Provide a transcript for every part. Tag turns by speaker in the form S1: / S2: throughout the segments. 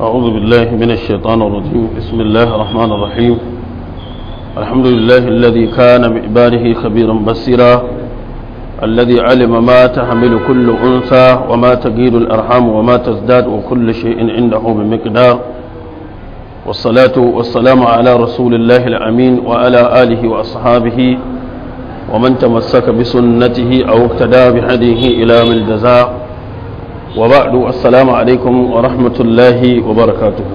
S1: أعوذ بالله من الشيطان الرجيم بسم الله الرحمن الرحيم الحمد لله الذي كان بإباره خبيرا بصيرا الذي علم ما تحمل كل أنثى وما تقيل الأرحام وما تزداد وكل شيء عنده بمقدار والصلاة والسلام على رسول الله الأمين وعلى آله وأصحابه ومن تمسك بسنته أو اقتدى بهديه إلى من الجزاء wa ba'du assalamu alaikum wa rahmatullahi wa barakatuhu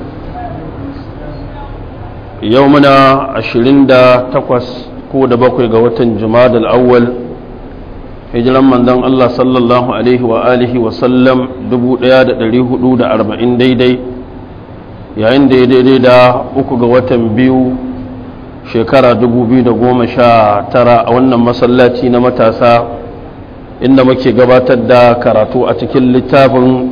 S1: yau muna 28 ko da bakwai ga watan jumada awwal hijiran manzon Allah sallallahu alaihi wa alihi wa sallam 1440 daidai yayin da ya daidai da uku ga watan biyu shekara 2019 a wannan masallaci na matasa inda muke gabatar da karatu a cikin littafin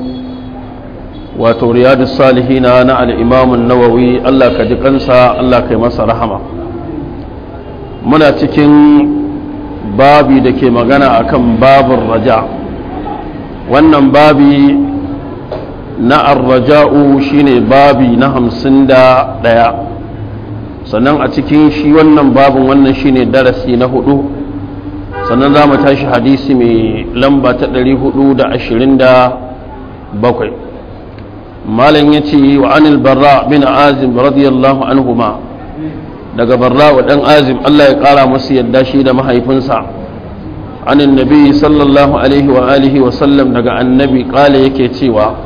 S1: wato riyadu salihina na al'imamun nawawi Allah ka ji kansa Allah ka yi masa rahama muna cikin babi da ke magana akan babin raja wannan babi na arraja'u shine babi na hamsin da ɗaya sannan a cikin shi wannan babin wannan shine darasi na hudu sannan za mu tashi hadisi mai lamba ta 427 malam ya ce wa anil barra bin azim radiyallahu anhuma daga barra wa ɗan azim Allah ya ƙara masu yadda shi da mahaifinsa anin nabi sallallahu alaihi wa alihi wa sallam daga annabi ƙala yake cewa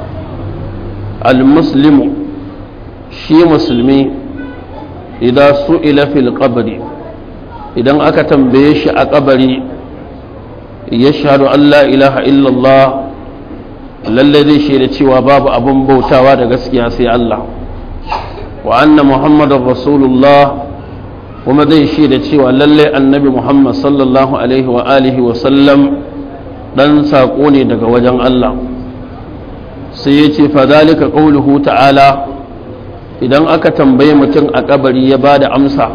S1: al-muslimu shi musulmi idan su ila fil qabri idan aka tambaye shi a ƙabari. يشهد أن لا إله إلا الله للذي شهد شوى باب أبن بوتا ودقسك يا الله وأن محمد رسول الله وما ذي شهد شوى للي النبي محمد صلى الله عليه وآله وسلم dan saƙo ne daga wajen Allah sai ya ce fadalika ƙauluhu ta'ala idan aka tambaye mutum a kabari ya ba da amsa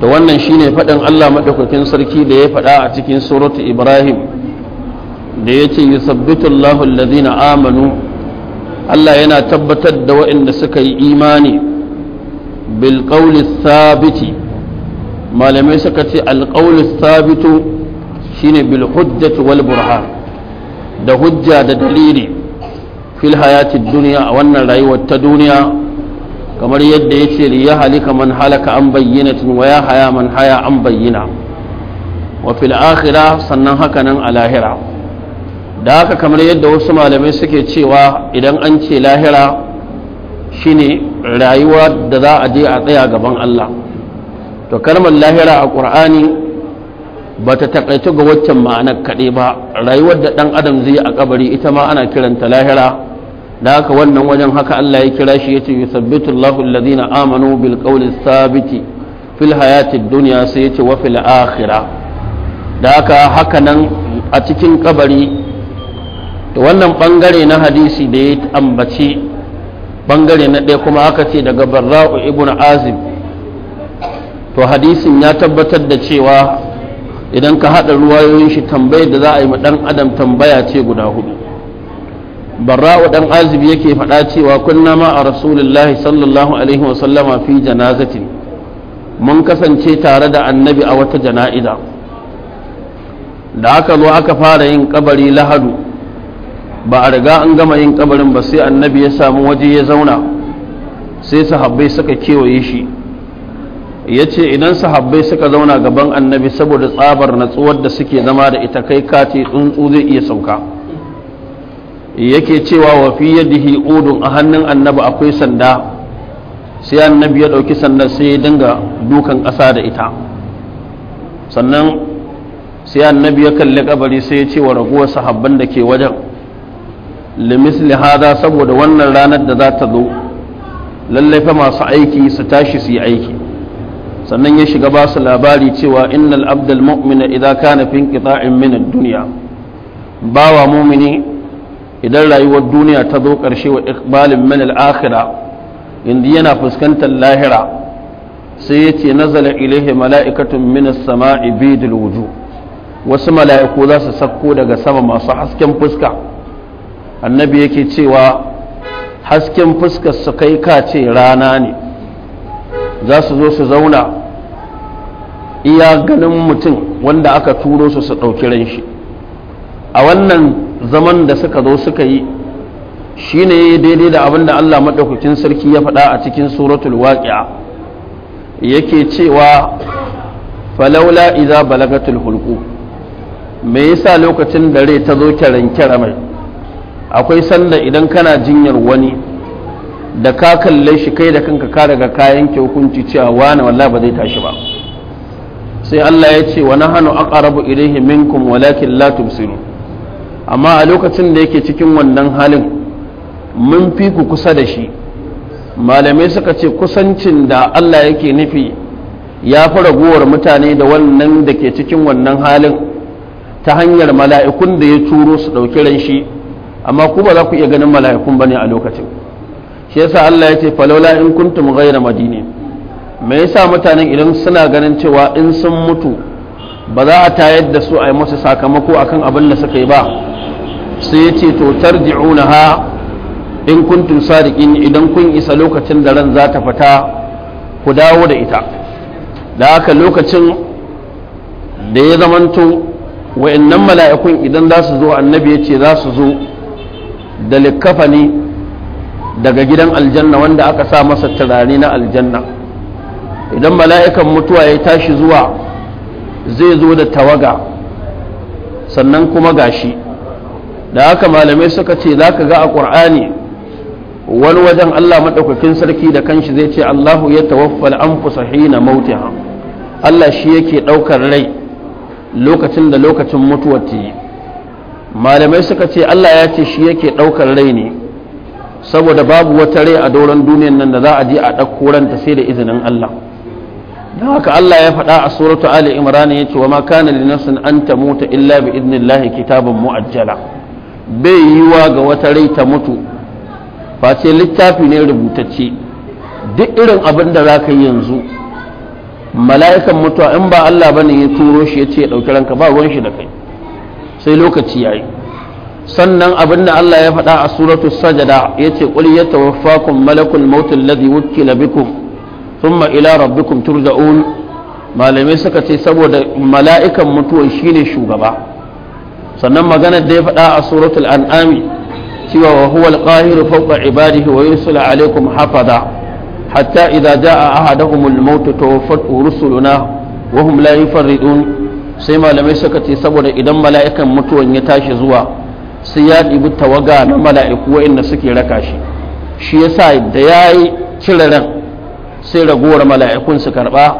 S1: da wannan shine faɗin Allah madaukakin sarki da ya faɗa a cikin suratu Ibrahim da ya ce yusabbitu Allahu alladhina amanu Allah yana tabbatar da waɗanda suka yi imani bil qawli thabiti malamai suka ce al qawli thabitu shine bil hujjati wal burhan da hujja da dalili fil hayatid duniya a wannan rayuwar ta duniya kamar yadda ya ce ya halika man halaka an bayyana tun wa haya man haya an bayyana wa fil akhira sannan haka nan a lahira da haka kamar yadda wasu malamai suke cewa idan an ce lahira shine rayuwa da za a je a tsaya gaban Allah to kalmar lahira a ƙur'ani ba ta ga waccan ma'anar kaɗai ba rayuwar da ɗan adam zai a ƙabari ita ma ana kiranta lahira da haka wannan wajen haka Allah ya kira shi yace yusabbitu Allahu alladhina amanu bil qawli sabiti fil hayati dunya sai yace wa fil akhirah da haka haka nan a cikin kabari da wannan bangare na hadisi da ya ambaci bangare na ɗaya kuma aka ce daga barra'u ibnu azib to hadisin ya tabbatar da cewa idan ka haɗa ruwayoyin shi tambayar da za a yi ma ɗan adam tambaya ce guda hudu barra'u dan azubi yake faɗa cewa kunna ma a rasulullahi sallallahu alaihi wa sallama fi janazatin mun kasance tare da annabi a wata jana'iza da aka zo aka fara yin kabari lahadu ba a riga an gama yin kabarin ba sai annabi ya samu waje ya zauna sai sahabbai suka kewaye shi yace ce idan sahabbai suka zauna gaban annabi saboda tsabar natsuwar da suke zama da ita kai kace tsuntsu zai iya sauka yake cewa wa fi yadihi udun a hannun annabi akwai sanda sai annabi ya ɗauki sanda sai ya dinga dukan ƙasa da ita sannan sai annabi ya kalli kabari sai ya ce wa raguwar sahabban da ke wajen limisli hada saboda wannan ranar da za ta zo lallai fa masu aiki su tashi su yi aiki sannan ya shiga ba su labari cewa innal abdul mu'mina idza kana fi inqita'in min ad-dunya bawa mu'mini idan rayuwar duniya ta zo ƙarshe wa iqbalin min al-akhirah inda yana fuskantar lahira sai yace nazala ilaihi mala'ikatun min as-sama'i bidil wuju wasu mala'iku za su sakko daga sama masu hasken fuska annabi yake cewa hasken fuskar su kai ka ce rana ne za su zo su zauna iya ganin mutum wanda aka turo su su ɗauki ran shi a wannan zaman da suka zo suka yi shine daidai da abin da Allah madaukakin sarki ya faɗa a cikin suratul waƙi'a yake cewa falaula iza balagatul hulku me yasa lokacin da rai ta zo kiran kiramai akwai sanda idan kana jinyar wani da ka kalle shi kai da kanka ka daga kayan ki hukunci cewa wani wallahi ba zai tashi ba sai Allah ya ce wa nahanu aqrabu ilayhi minkum walakin la tubsirun amma a lokacin da yake cikin wannan halin mun fi ku kusa da shi malamai suka ce kusancin da Allah yake nufi ya fi raguwar mutane da wannan da ke cikin wannan halin ta hanyar mala'ikun da ya turo su ɗauki ran shi amma ku ba za ku iya ganin mala'ikun ba ne a lokacin shi yasa Allah ya ce falola in kuntum ghayra madini me yasa mutanen idan suna ganin cewa in sun mutu ba za a tayar da su a yi musu sakamako akan abin da suka yi ba sai ya ce to tarji'unaha in kuntum sadiqin idan kun isa lokacin da ran za ta fita ku dawo da ita da haka lokacin da ya zamanto wa'annan mala'ikun idan za su zo annabi ya ce za su zo da likkafani daga gidan aljanna wanda aka sa masa turare na aljanna idan mala'ikan mutuwa ya tashi zuwa zai zo da tawaga sannan kuma gashi da haka malamai suka ce za ka ga a ƙur'ani wani wajen Allah maɗaukakin sarki da kanshi zai ce Allahu ya tawaffal an na mautiha Allah shi yake ɗaukar rai lokacin da lokacin mutuwar ta yi malamai suka ce Allah ya ce shi yake ɗaukar rai ne saboda babu wata rai a doron duniyar nan da za a je a ɗauko ranta sai da izinin Allah da haka Allah ya faɗa a suratu Ali Imran ya ce wa ma kana linasin an tamuta illa bi idnillahi kitabun mu'ajjala bai yiwuwa ga wata rai ta mutu face littafi ne rubutacce duk irin abin da za ka yi yanzu mala'ikan mutuwa in ba Allah bane ya turo shi ya ce ɗauki ranka ba ruwan shi da kai sai lokaci ya yi sannan abin da Allah ya faɗa a suratu sajada ya ce ƙul ya tawaffakum malakul mautul ladhi wukkila bikum thumma ila rabbikum turja'un malamai suka ce saboda mala'ikan mutuwa shine shugaba sannan maganar da ya faɗa a suratul an'ami cewa wa huwa al-qahiru fawqa ibadihi wa yursilu alaykum hafaza hatta idza jaa ahaduhum al-maut tawaffat rusuluna wa hum la yufarridun sai malamai suka ce saboda idan mala'ikan mutuwan ya tashi zuwa sai ya ɗibi tawaga na mala'iku wa'inda suke raka shi shi yasa da yayi kiraran sai ragowar mala'ikun su karba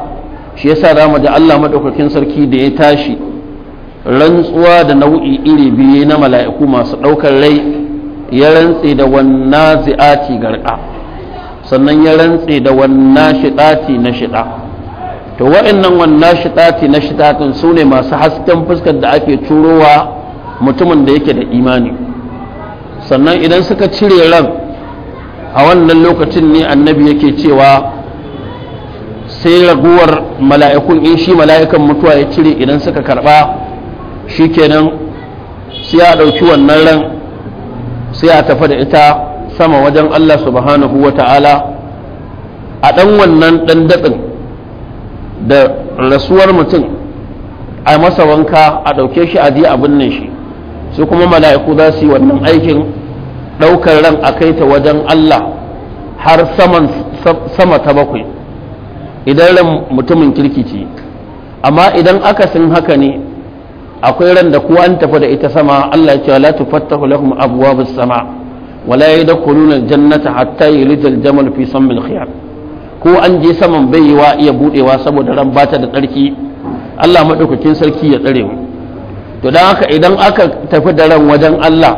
S1: shi yasa zamu da Allah madaukakin sarki da ya tashi rantsuwa da nau'i iri biyu na mala'iku masu ɗaukar rai ya rantse da wanna zi'ati garka sannan ya rantse da wanna shiɗati na shiɗa to wa'annan wanna shiɗati na shiɗatin su ne masu hasken fuskar da ake turowa mutumin da yake da imani sannan idan suka cire ran a wannan lokacin ne annabi yake cewa sai raguwar mala'ikun in shi mala'ikan mutuwa ya cire idan suka karɓa shikenan sai a ɗauki wannan ran sai a tafi da ita sama wajen Allah subhanahu wa ta'ala a ɗan wannan ɗan daɗin da rasuwar mutum a masa wanka a ɗauke shi a je a shi su kuma mala'iku za su yi wannan aikin ɗaukar ran a kai ta wajen Allah har sama ta bakwai idan ran mutumin kirkici amma idan aka sun haka ne akwai ran da kuwa an tafi da ita sama Allah ya ce la tufattahu lahum abwabus sama wala yadkhuluna aljannata hatta yulija aljamal fi sammil khiyar ko an je saman baiwa iya budewa saboda ran bata da tsarki Allah madaukakin sarki ya tsare mu to dan haka idan aka tafi da ran wajen Allah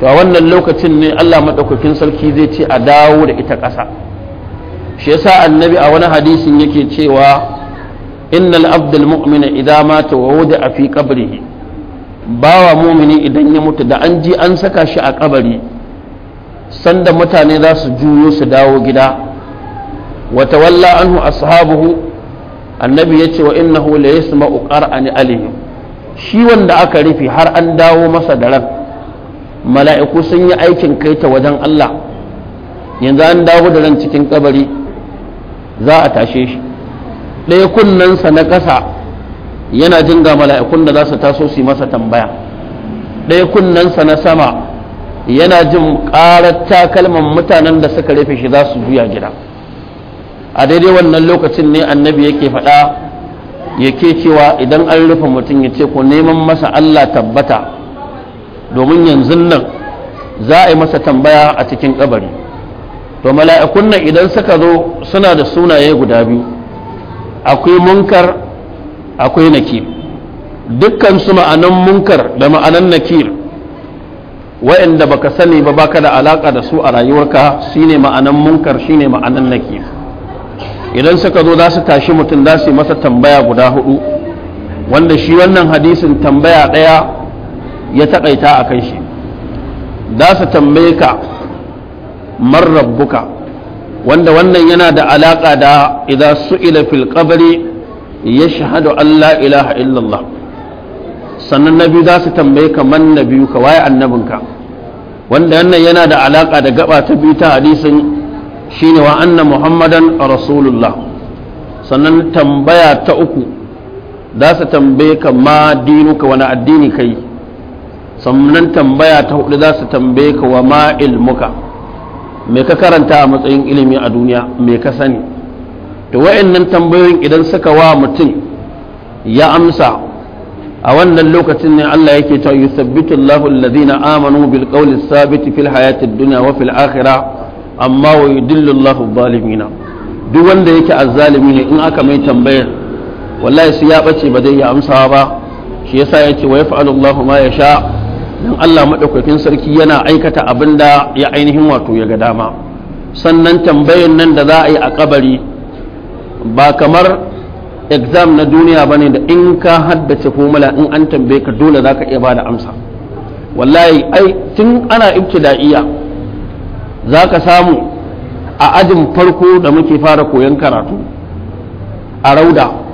S1: to a wannan lokacin ne Allah madaukakin sarki zai ce a dawo da ita ƙasa shi yasa annabi a wani hadisin yake cewa innal abdul mu'mina idza mata wa wuda fi qabrihi bawa mumini idan ya mutu da an ji an saka shi a kabari sanda mutane za su juyo su dawo gida wa tawalla anhu ashabuhu annabi yace wa innahu la yasma'u qara'an alihim shi wanda aka rufe har an dawo masa da ran mala'iku sun yi aikin kai ta wajen Allah yanzu an dawo da ran cikin kabari za a tashe shi ɗaya kunnensa na ƙasa yana jin ga mala'ikun da za su taso su masa tambaya ɗaya kunnensa na sama yana jin ƙarar takalman mutanen da suka rufe shi za su juya gida a daidai wannan lokacin ne annabi yake faɗa yake cewa idan an rufe mutum ya ce ku neman masa Allah tabbata domin yanzu nan za a yi masa tambaya a cikin ƙabari. to mala'ikun nan idan suka zo suna da sunaye guda biyu akwai munkar akwai nakir dukkan su ma'anan munkar da ma'anan nakir wa'anda baka sani ba baka da alaka da su a rayuwarka shine ma'anan munkar shine ma'anan nakir idan suka zo za su tashi mutum za su yi masa tambaya guda hudu wanda shi wannan hadisin tambaya ɗaya ya taƙaita a kan shi za su tambaye ka man rabbuka wanda wannan yana da alaka da idza su'ila fil qabri yashhadu an la ilaha illallah sannan nabi za su tambaye ka man nabiyu ka waye annabinka wanda wannan yana da alaka da gaba ta biyu ta hadisin shine wa anna muhammadan rasulullah sannan tambaya ta uku za su tambaye ka ma dinuka wani addini kai sannan tambaya ta hudu za su tambaye ka wa ma ilmuka me ka karanta a matsayin ilimi a duniya me ka sani to wayannan tambayoyin idan suka wa mutum ya amsa a wannan lokacin ne Allah yake ta yusabbitu Allahu alladhina amanu bil qawli sabit fil hayati dunya wa fil akhirah amma wa yudillu Allahu zalimina duk wanda yake azzalimi ne in aka mai tambayar wallahi su ya bace ba zai ya amsawa ba shi yasa yake wa yaf'alu Allahu ma yasha dan Allah madaukakin sarki yana aikata abin da ya ainihin wato ya ga dama sannan tambayan nan da za a yi a kabari ba kamar exam na duniya ba ne da in ka haddace formula in an tambaye ka dole zaka iya bada amsa wallahi ai tun ana ibtida'iyya zaka samu a ajin farko da muke fara koyon karatu a rauda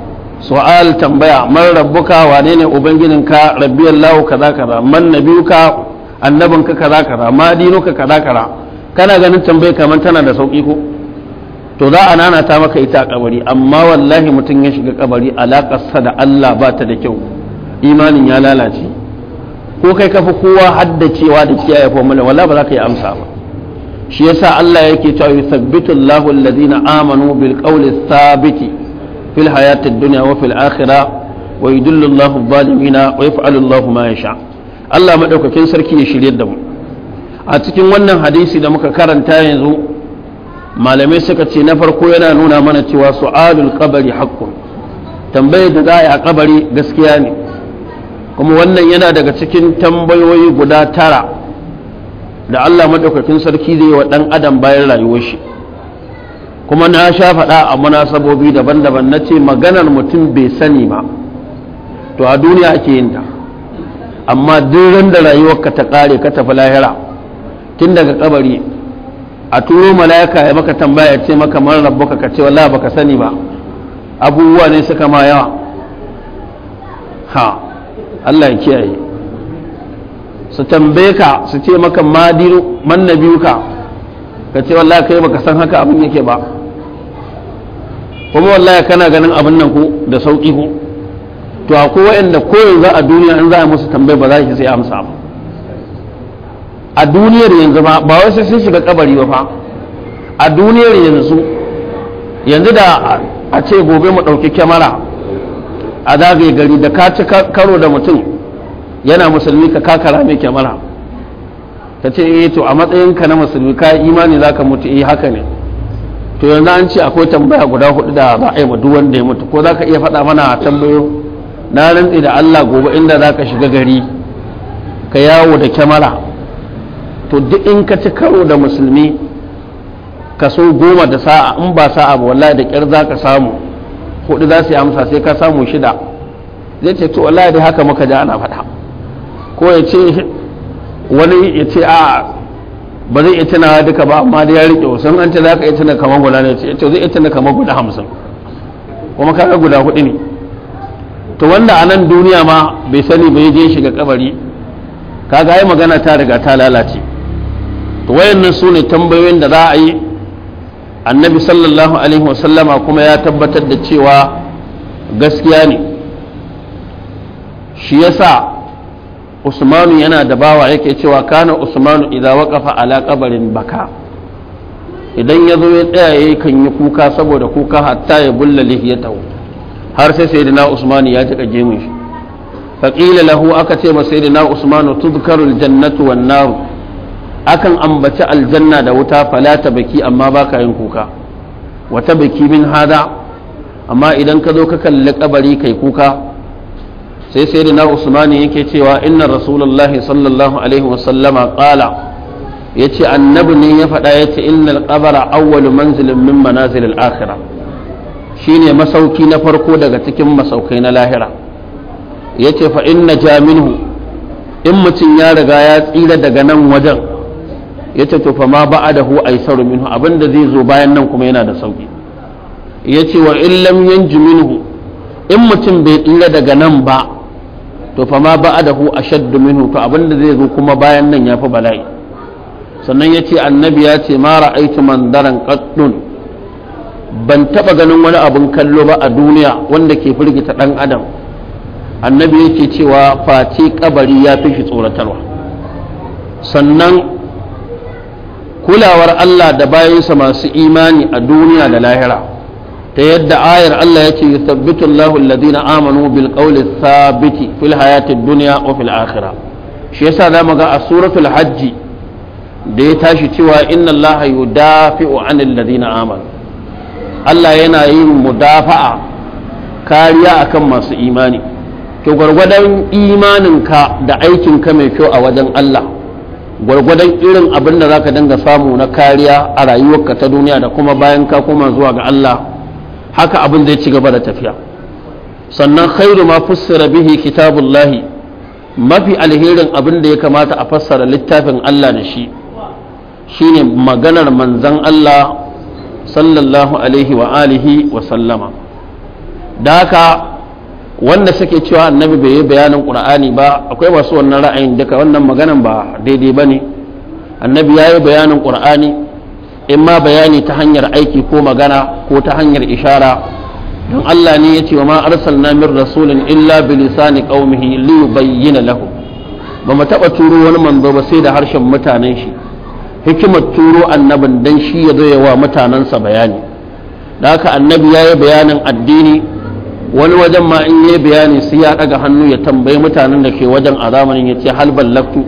S1: su'al tambaya man rabbuka wane ne ka rabbi Allah kaza kaza man nabiyuka ka kaza kaza ma dinuka kaza kaza kana ganin tambaye kamar tana da sauki ko to za a nana ta maka ita a kabari amma wallahi mutum ya shiga kabari sa da Allah ba ta da kyau imanin ya lalace ko kai kafi kowa haddacewa da ya fomula wallahi ba za ka yi amsa ba shi yasa Allah yake cewa yuthabbitu Allahu alladhina amanu bil qawli thabiti fil hayatid dunya wa fil akhirah wa yudillu Allahu zalimina wa yaf'alu Allahu ma yasha Allah madaukakin sarki ya shirya da mu a cikin wannan hadisi da muka karanta yanzu malamai suka ce na farko yana nuna mana cewa su'alul kabari haqqun tambayar da za a yi a kabari gaskiya ne kuma wannan yana daga cikin tambayoyi guda tara da Allah maɗaukacin sarki zai yi wa dan adam bayan rayuwar shi kuma na sha faɗa a munasabobi daban-daban na ce maganar mutum bai sani ba to a duniya ake yin ta amma duk ran da rayuwarka ta ƙare ka tafi lahira tun daga kabari a turo mala'ika ya maka tambaya ya ce maka man rabu ka ce ba baka sani ba abubuwa ne suka ma yawa ha Allah ya kiyaye su tambaye ka su ce maka madiru man nabiyuka ka ce wallahi kai baka san haka abin yake ba kuma wallahi kana ganin abin nan ko da sauki ko to akwai waɗanda ko yanzu a duniya in za a musu tambaye ba za ki sai amsa ba a duniyar yanzu ba ba wasu sun shiga kabari ba fa a duniyar yanzu yanzu da a ce gobe mu ɗauki kyamara a zagaye gari da ka ci karo da mutum yana musulmi ka kakara mai kyamara ta ce eh to a matsayinka na musulmi ka imani za ka mutu eh haka ne to yanzu an ce akwai tambaya guda hudu da za a yi wanda ya mutu ko za ka iya faɗa mana a tambayo na rantsi da Allah gobe inda za ka shiga gari ka yawo da kyamara to duk in ka ci karo da musulmi ka so goma da sa'a in ba sa'a ba wallahi da kyar za ka samu hudu za su yi amsa sai ka samu shida zai ce to wallahi da haka muka ji ana faɗa ko ya ce wani ya ce a ba zai iya tunawa duka ba amma da ya rike wasu an ce za ka iya tuna kamar guda ne ce zai iya tuna kamar guda hamsin kuma kaga guda hudu ne to wanda a nan duniya ma bai sani bai je shiga kabari kaga yi magana ta riga ta lalace to wayannan su ne tambayoyin da za a yi annabi sallallahu alaihi wasallama kuma ya tabbatar da cewa gaskiya ne shi yasa usmanu yana da bawa yake cewa kana usmanu idza waqafa ala baka idan ya zo ya tsaya yayi kan yi kuka saboda kuka hatta ya bulla lihiyatahu har sai sayyidina usmanu ya jika gemun shi faqila lahu aka ce ma sayyidina usmanu tudkaru jannatu wan nar akan ambaci aljanna da wuta falata baki amma baka yin kuka wata baki min hada amma idan ka zo ka kalli kabari kai kuka sai sai na usmani yake cewa inna rasulullahi sallallahu alaihi wasallama qala yace annabi ne ya faɗa yace innal qabra awwalu manzilin min manazil al-akhirah shine masauki na farko daga cikin masaukai na lahira yace fa inna jaminhu in mutum ya riga ya tsira daga nan wajen yace to fa ma ba'adahu aisaru minhu abinda zai zo bayan nan kuma yana da sauki yace wa illam yanji minhu in mutum bai tsira daga nan ba to fa ma hu ashaddu minhu to abinda zai zo kuma bayan nan yafi bala'i sannan yace annabi ya ce ma ra'aitu daran qaddun ban taba ganin wani abun kallo ba a duniya wanda ke firgita dan adam annabi yake cewa face kabari ya fi shi tsoratarwa sannan kulawar Allah da bayansa masu imani a duniya da lahira ta yadda ayar Allah ya ce yusabbitu Allahu alladhina amanu bil qawli thabiti fil hayatid dunya wa fil akhirah shi yasa zamu ga a suratul hajji da ya tashi cewa inna Allah yudafi'u anil ladina amanu Allah yana yin mudafa'a kariya akan masu imani to gwargwadon ka da aikinka mai kyau a wajen Allah gwargwadon irin abin da zaka dinga samu na kariya a rayuwarka ta duniya da kuma bayan ka koma zuwa ga Allah haka abin da ya ci gaba da tafiya sannan khairu ma fassara bihi kitabullahi mafi alherin abin da ya kamata a fassara littafin Allah da shi shine maganar manzon Allah sallallahu alaihi wa alihi wa sallama da haka wanda suke cewa annabi bai yi bayanin qur'ani ba akwai masu wannan ra'ayin duka wannan maganan ba daidai bane annabi ya yi bayanin qur'ani in ma bayani ta hanyar aiki ko magana ko ta hanyar ishara don Allah ne ya ce wa ma arsalna min rasulin illa bi lisani qaumihi li yubayyana lahum ba mu taba turo wani manzo ba sai da harshen mutanen shi hikimar turo annabin dan shi ya zo yawa mutanensa bayani da haka annabi ya yi bayanin addini wani wajen ma in yi bayani sai ya daga hannu ya tambayi mutanen da ke wajen azamanin zamanin ya ce hal ballaktu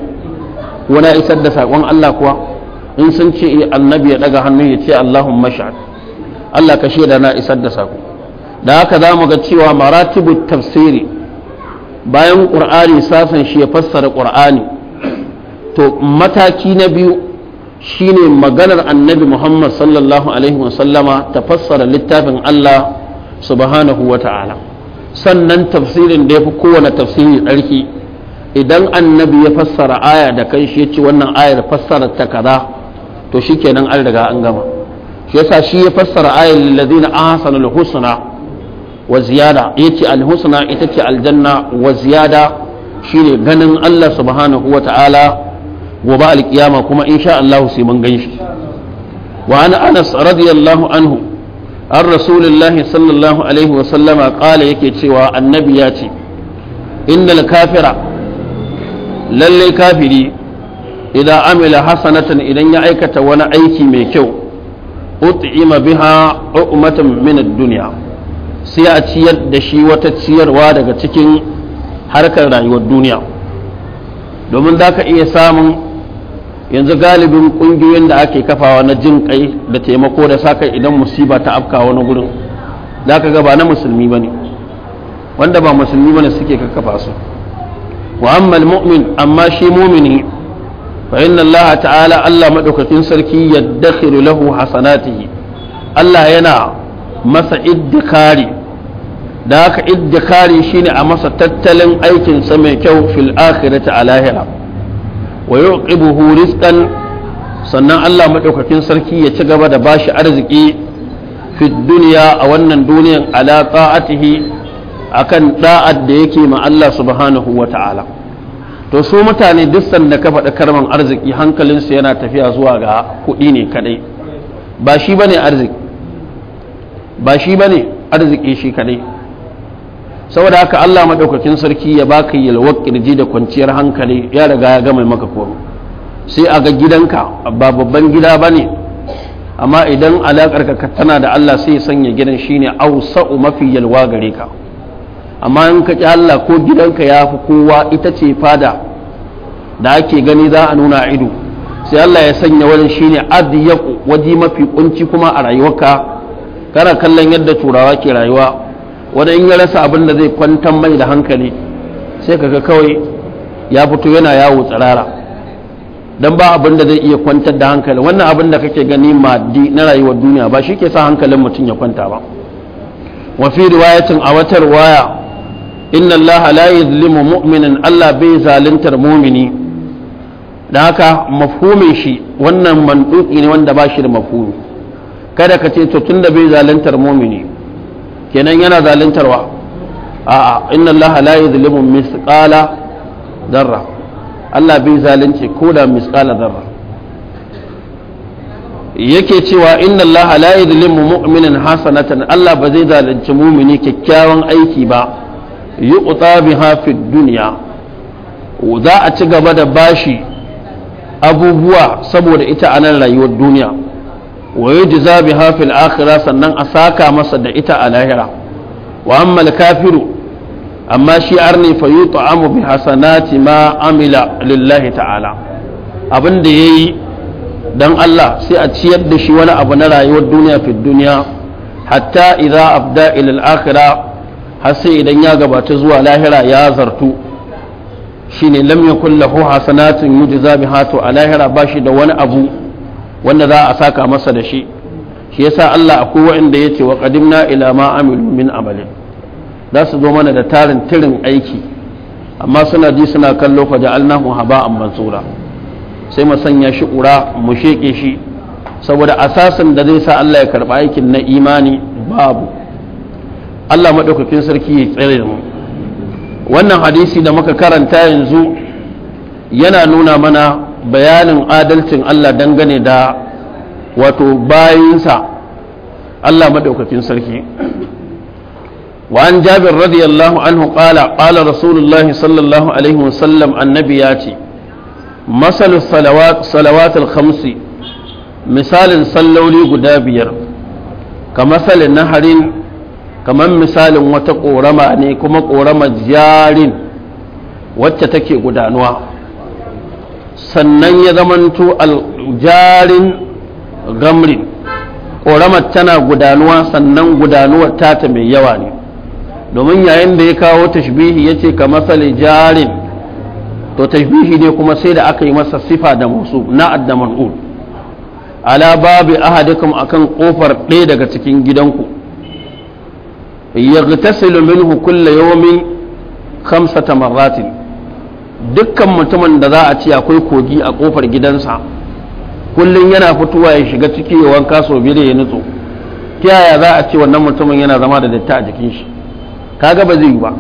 S1: wani isar da sakon Allah kuwa in sun ce eh, annabi ya daga hannu ya ce allahun shahad Allah ka shaida na isar da sako da haka za mu ga cewa maratibu tafsiri bayan ƙur'ani sasan shi ya fassara ƙur'ani to mataki na biyu shine maganar annabi Muhammad sallallahu alaihi wasallama ta fassara littafin Allah subhanahu wa ta'ala sannan tafsirin da ya fi kowane tafsiri tsarki idan annabi ya fassara aya da kai shi ya ce wannan ayar fassara ta kaza to shikenan an riga an gama shi yasa shi ya fassara ayat lillazina ahsanul husna wa ziyada yace al husna ita ce aljanna wa ziyada shine ganin Allah subhanahu wa ta'ala gobe alkiyama kuma insha Allah sai mun gan shi wa ana anas radiyallahu anhu an rasulullahi sallallahu alaihi wa sallama kala yake cewa annabi ya ce innal kafira lallai kafiri idza amila hasanatan idan ya aikata wani aiki mai kyau ut'ima biha ummatan min ad-dunya sai a ciyar da shi wata ciyarwa daga cikin harkar rayuwar duniya domin za ka iya samun yanzu galibin ƙungiyoyin da ake kafawa na jin kai da taimako da saka idan musiba ta afka wani gurin za ka ba na musulmi ba ne wanda ba musulmi ba ne suke kakkafa su wa amma mu'min amma shi mumini fa inna Allah sarki Allah madaukakin sarki yaddakhiru lahu hasanatihi Allah yana masa iddikari da haka iddikari shine a masa tattalin aikinsa mai kyau fil akhirati a lahira wa yuqibuhu rizqan sannan Allah madaukakin sarki ya ci gaba da bashi arziki fi duniya a wannan duniyan ala ta'atihi akan da'ad da yake ma Allah subhanahu wa ta'ala to su mutane duk sanda ka faɗi karman arziki hankalinsu yana tafiya zuwa ga kuɗi ne kadai ba shi bane arziki ba shi bane arziki shi kadai saboda haka Allah madaukakin sarki ya baka yalwar kirji da kwanciyar hankali ya riga ya gama maka koro. sai a ga gidanka ba babban gida bane amma idan ka tana da Allah sai ya sanya gidan shine ausa'u mafi yalwa gare ka amma in ka ƙi Allah ko gidanka ya fi kowa ita ce fada da ake gani za a nuna ido sai Allah ya sanya wajen shine adiyaku waje mafi kunci kuma a rayuwarka kana kallon yadda turawa ke rayuwa wanda in ya rasa abin da zai kwantar mai da hankali sai kaga kawai ya fito yana yawo tsirara dan ba abin da zai iya kwantar da hankali wannan abin da kake gani maddi na rayuwar duniya ba shi ke sa hankalin mutum ya kwanta ba wa fi riwayatin a watar waya inna Allah la yuzlimu mu'minin Allah bai zaluntar mumini da haka mafhumin shi wannan manduki ne wanda ba shi da mafhumi kada ka ce to tunda bai zaluntar mumini kenan yana zaluntarwa a'a inna Allah la yuzlimu misqala darra Allah bai zalunce ko da misqala darra yake cewa inna Allah la yuzlimu mu'minin hasanatan Allah ba zai zalunci mumini kyakkyawan aiki ba yuqta biha fid duniya za a ci gaba da bashi abubuwa saboda ita a nan rayuwar duniya wa yujza biha fil sannan a saka masa da ita a lahira wa amma kafiru amma shi arni fa yut'amu bi hasanati ma amila lillahi ta'ala abin da yayi dan Allah sai a ciyar da shi wani abu na rayuwar duniya fi duniya hatta idza abda ila al akhirah har sai idan ya gabata zuwa lahira ya zartu shine lam yakul lahu hasanatun yujza biha to a lahira ba shi da wani abu wanda za a saka masa da shi shi yasa Allah akwai ya yace wa qadimna ila ma amilu min amalin za su zo mana da tarin tirin aiki amma suna ji suna kallo fa ja'alnahu haba'an mansura sai mu sanya shi ƙura mu sheke shi saboda asasin da zai sa Allah ya karba aikin na imani babu Allah maɗaukakin sarki ya tsere mu wannan hadisi da muka karanta yanzu yana nuna mana bayanin adalcin Allah dangane da wato bayinsa Allah maɗaukakin sarki wa an jabir radiyallahu anhu ƙala ƙala rasulullahi sallallahu alaihi wasallam annabi ya ce masalin salawat khamsi misalin salloli guda biyar ka na harin kamar misalin wata ƙorama ne kuma ƙorama jarin wacce take gudanuwa sannan ya zamanto aljarin gamrin ƙoramar tana gudanuwa sannan gudanuwar tata mai yawa ne domin yayin da ya kawo tashbihi ya ce ka masali jarin to tashbihi ne kuma sai da aka yi masa sifa da musu na adda ala babu ahadikum akan kofar ɗaya daga cikin gidanku yaghtasilu minhu kulla yawmin khamsata marratin dukkan mutumin da za a ce akwai kogi a kofar gidansa kullum yana fitowa ya shiga ciki ya wanka sau biyu ya nutso ta yaya za a ce wannan mutumin yana zama da datti a jikin shi kaga ba zai yi ba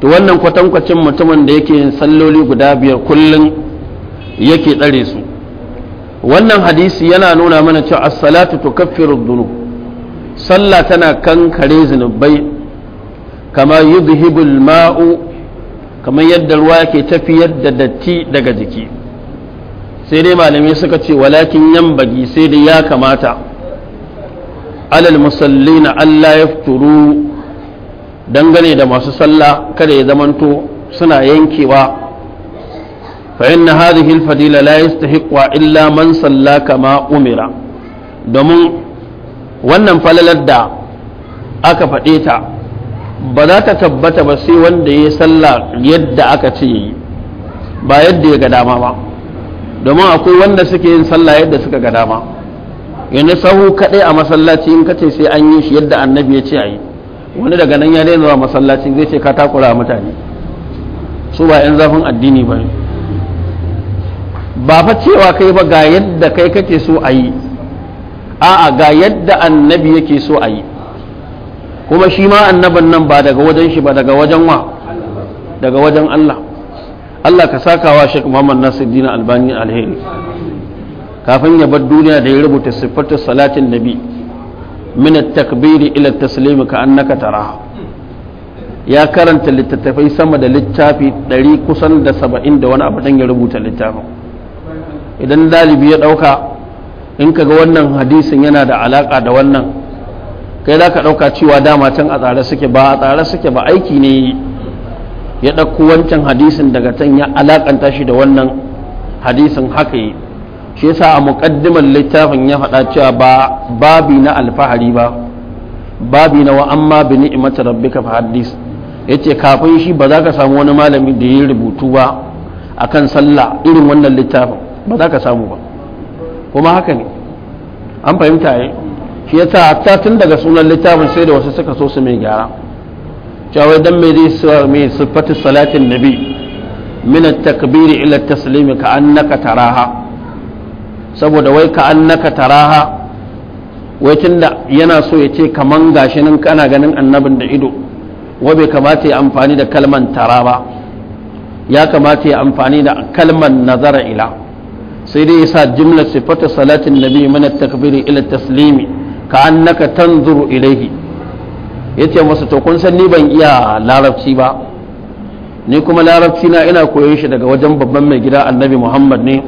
S1: to wannan kwatankwacin mutumin da yake yin salloli guda biyar kullum yake tsare su wannan hadisi yana nuna mana cewa as-salatu tukaffiru dhunub sallah tana kankare zunubai kama yuzhibul ma'u kamar yadda ruwa ke tafiyar da datti daga jiki sai dai malamai suka ce walakin yan bagi sai dai ya kamata alal musalli na Allah ya fituru dangane da masu sallah kada ya zamanto suna yankewa fa inna hadhihi al-fadila la illa man sallah kama umira domin wannan falalar da aka faɗe ta ba za ta tabbata ba sai wanda ya sallah yadda aka ce yi ba yadda ya ga dama ba domin akwai wanda suke yin sallah yadda suka ga dama yanzu sahu kaɗai a masallaci in kace sai an yi shi yadda annabi ya ce a yi wani daga nan ya daina zuwa masallaci zai ce ka takura mutane su ba 'yan zafin addini ba ba fa cewa kai ba ga yadda kai kake so a yi a'a ga yadda annabi yake so a yi kuma shi ma annabin nan ba daga wajen shi ba daga wajen wa daga wajen Allah Allah ka wa Sheikh Muhammad Nasiruddin Albani alheri kafin ya bar duniya da ya rubuta sifatu salatin nabi min at-takbir ila at-taslim ka annaka tara. ya karanta littattafai sama da littafi 100 kusan da 70 da wani abu dan ya rubuta littafin idan dalibi ya dauka in kaga wannan hadisin yana da alaka da wannan kai za ka ɗauka cewa dama can a tsare suke ba a tsare suke ba aiki ne ya ɗauko wancan hadisin daga can ya alakanta shi da wannan hadisin haka yi shi yasa a muƙaddimar littafin ya faɗa cewa ba babi na alfahari ba babi na wa amma bi ni'imata rabbika fa hadis yace kafin shi ba za ka samu wani malami da ya rubutu ba akan sallah irin wannan littafin ba za ka samu ba kuma haka ne an fahimta yi shi ya yasa hatta tun daga sunan littafin sai da wasu suka so su mai gyara cewa dan mai zai mai sifatu salatin nabi min takbiri ila taslimi ka annaka taraha saboda wai ka annaka taraha wai tunda yana so ya ce kaman gashi nan kana ganin annabin da ido wa bai kamata ya amfani da kalman tara ba ya kamata ya amfani da kalman nazara ila sai dai yasa jimlar sifata salatin nabi min at-takbiri ila taslimi ka annaka tanzuru ilaihi yace masa to kun san ni ban iya larabci ba ni kuma larabci na ina koyon shi daga wajen babban mai gida annabi muhammad ne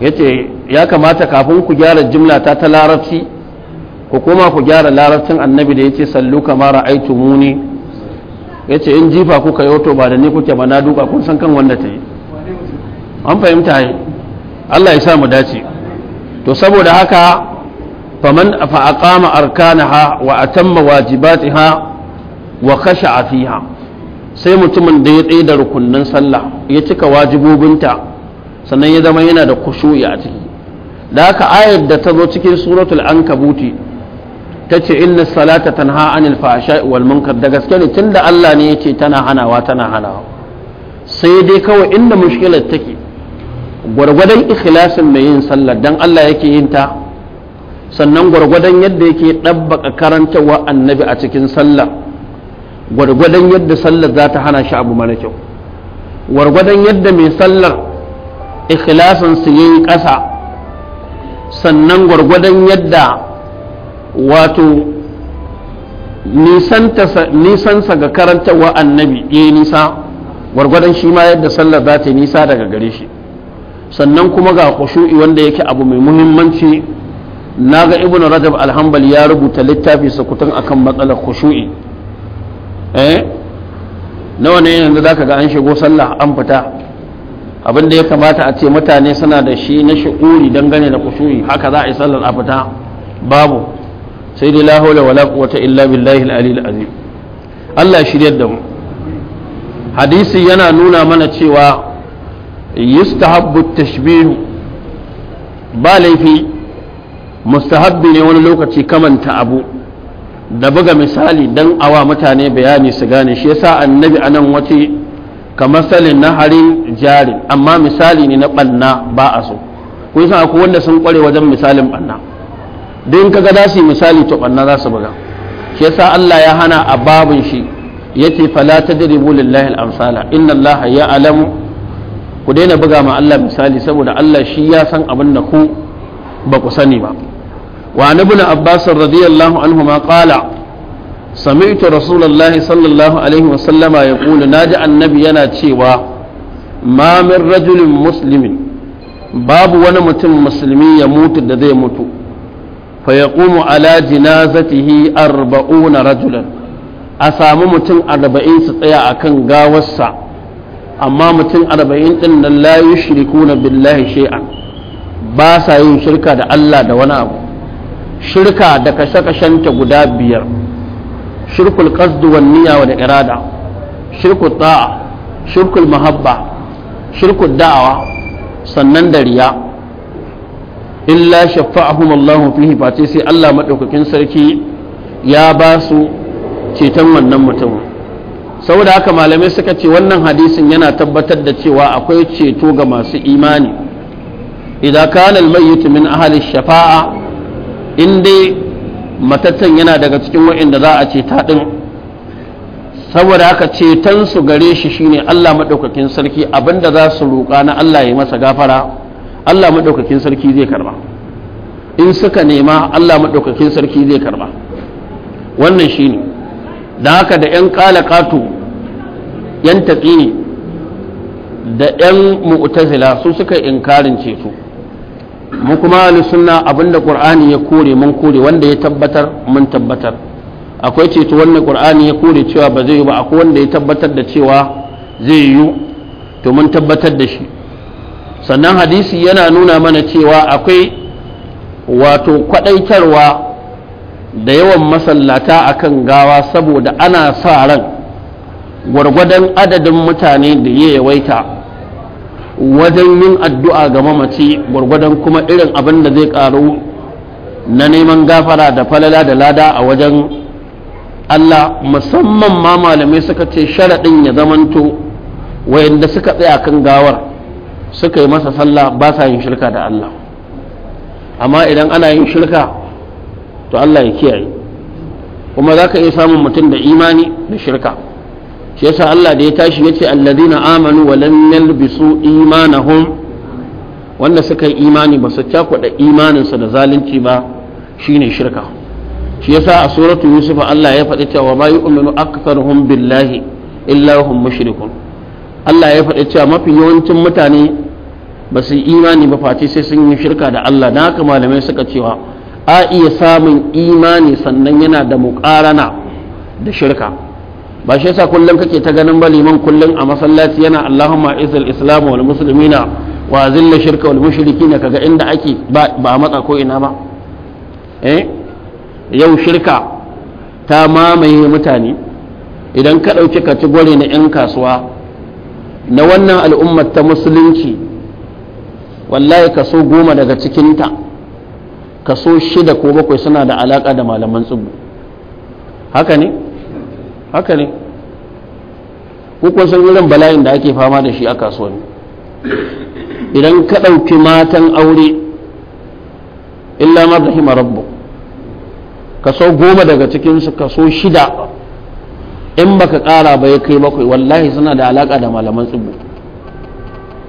S1: yace ya kamata kafin ku gyara jimla ta ta larabci ku koma ku gyara larabcin annabi da yace sallu kama muni yace in jifa kuka yoto ba da ni kuke ba na duka kun san kan wanda ta yi an fahimta yi Allah ya sa mu dace to saboda haka faman fa aqama arkanaha wa atamma wajibatiha wa khasha'a fiha sai mutumin da ya tsaye da rukunnan sallah ya cika wajibobinta sannan ya zama yana da kushu'i a ciki da haka ayar da ta zo cikin suratul ankabuti ta ce inna salata tanha anil fahsha'i wal munkar da gaske ne tunda Allah ne yace tana hanawa tana hanawa sai dai kawai inda mushkilar take gwargwadon ikhlasin mai yin sallar dan Allah yake yin ta sannan gwargwadon yadda yake ɗabbaka karantarwa annabi a cikin sallar gwargwadon yadda sallar za ta hana shi abu mara kyau gwargwadon yadda mai sallar ikhlasin su yi ƙasa sannan gwargwadon yadda wato nisansa ga karantarwa annabi ya yi nisa gwargwadon shi ma yadda sallar za ta yi nisa daga gare shi sannan kuma ga kushu'i wanda yake abu mai muhimmanci Na ga Ibn rajab alhambal ya rubuta littafi sakutan akan matsalar kushu'i. eh nawa ne yanzu zaka ga an shigo sallah an fita abin da ya kamata a ce mutane suna da shi na shi'uri gane da kushu'i haka za a yi sallar a fita babu sai dai la hawla wala quwwata illa billahi al azim Allah shiryar da mu hadisi yana nuna mana cewa yustahabbu tashbihu ba laifi mustahabbi ne wani lokaci kamanta abu da buga misali don awa mutane bayani su gane shi yasa annabi anan wace kamar salin na harin jari amma misali ne na banna ba a so kun san akwai wanda sun kware wajen misalin banna don kaga za su misali to banna za su buga shi yasa Allah ya hana a babin shi yace fala tadribu lillahi al-amsala inna Allah ya alamu ku daina buga ma Allah misali saboda Allah shi ya san abin da ku ba ku sani ba wa ibn abbas radiyallahu anhu ma qala sami'tu rasulullahi sallallahu alaihi wa sallama yaqulu naji annabi yana cewa mamin rajulin muslimin babu wani mutum musulmi ya mutu da zai mutu fa yaqumu ala jinazatihi 40 rajulan a sami mutum 40 su tsaya a kan gawarsa amma mutum arba'in ɗin nan la na billahi shay'an ba sa yin shirka da Allah da wani abu shirka da kashe-kashenta guda biyar shirkul qasd wan niyya da irada shirkul ta'a shirkul mahabba shirkul da'awa sannan da riya illa shafa'ahum Allah fihi face sai Allah madaukakin sarki ya ba su ceton wannan mutumin saboda haka malamai suka ce wannan hadisin yana tabbatar da cewa akwai ceto ga masu imani idan kana almayyit min ahli shafa'a in dai matattan yana daga cikin waɗanda za a ta din saboda haka ceton su gare shi shine Allah madaukakin sarki abinda za su roƙa na Allah ya masa gafara Allah madaukakin sarki zai karba in suka nema Allah madaukakin sarki zai karba wannan shine da haka da 'yan kalakatu 'yan taƙi da 'yan mu'tazila su suka inkarin ceto mu kuma sunna abinda ƙur'ani ya kore mun kore wanda ya tabbatar mun tabbatar akwai ceto wanda ƙur'ani ya kore cewa ba zai yi ba akwai wanda ya tabbatar da cewa zai yi to mun tabbatar da shi sannan hadisi yana nuna mana cewa akwai wato kwaɗaitarwa da yawan masallata akan gawa saboda ana sa ran gwargwadon adadin mutane da ya yawaita wajen yin addu'a ga mamaci gwargwadon kuma irin abin da zai karu na neman gafara da falala da lada a wajen Allah musamman ma malamai suka ce sharaɗin ya zamanto wayanda suka tsaya kan gawar suka yi masa sallah ba sa yin shirka da Allah amma idan ana yin shirka to Allah ya kiyaye kuma za ka iya samun mutum da imani da shirka shi yasa Allah da ya tashi ya ce allazina amanu wa lam yalbisu imanahum wanda suka yi imani ba su cakuɗa imaninsa da zalunci ba shine shirka shi yasa a suratu yusuf Allah ya faɗi cewa ma yu'minu aktharuhum billahi illa hum mushrikun Allah ya faɗi cewa mafi yawancin mutane ba su imani ba face sai sun yi shirka da Allah na haka malamai suka cewa a iya samun imani sannan yana da muƙarana da shirka ba shi yasa kullum kake ta ganin ba liman kullum a masallaci yana Allahumma izil islam wal muslimina wa zilla shirka wal mushrikina kaga inda ake ba matsa ko ina ba eh yau shirka ta mamaye mutane idan ka ɗauki gwari na 'yan kasuwa na wannan al'ummar ta musulunci wallahi kaso goma daga cikinta kaso shida ko bakwai suna da alaka da malaman tsubu haka ne haka ne kuka san irin bala'in da ake fama da shi a kasuwanni idan ka ɗauki matan aure illa ma rahima rabbu kaso goma daga cikinsu kaso shida in baka ƙara ba ya kai bakwai wallahi suna da alaƙa da malaman tsibu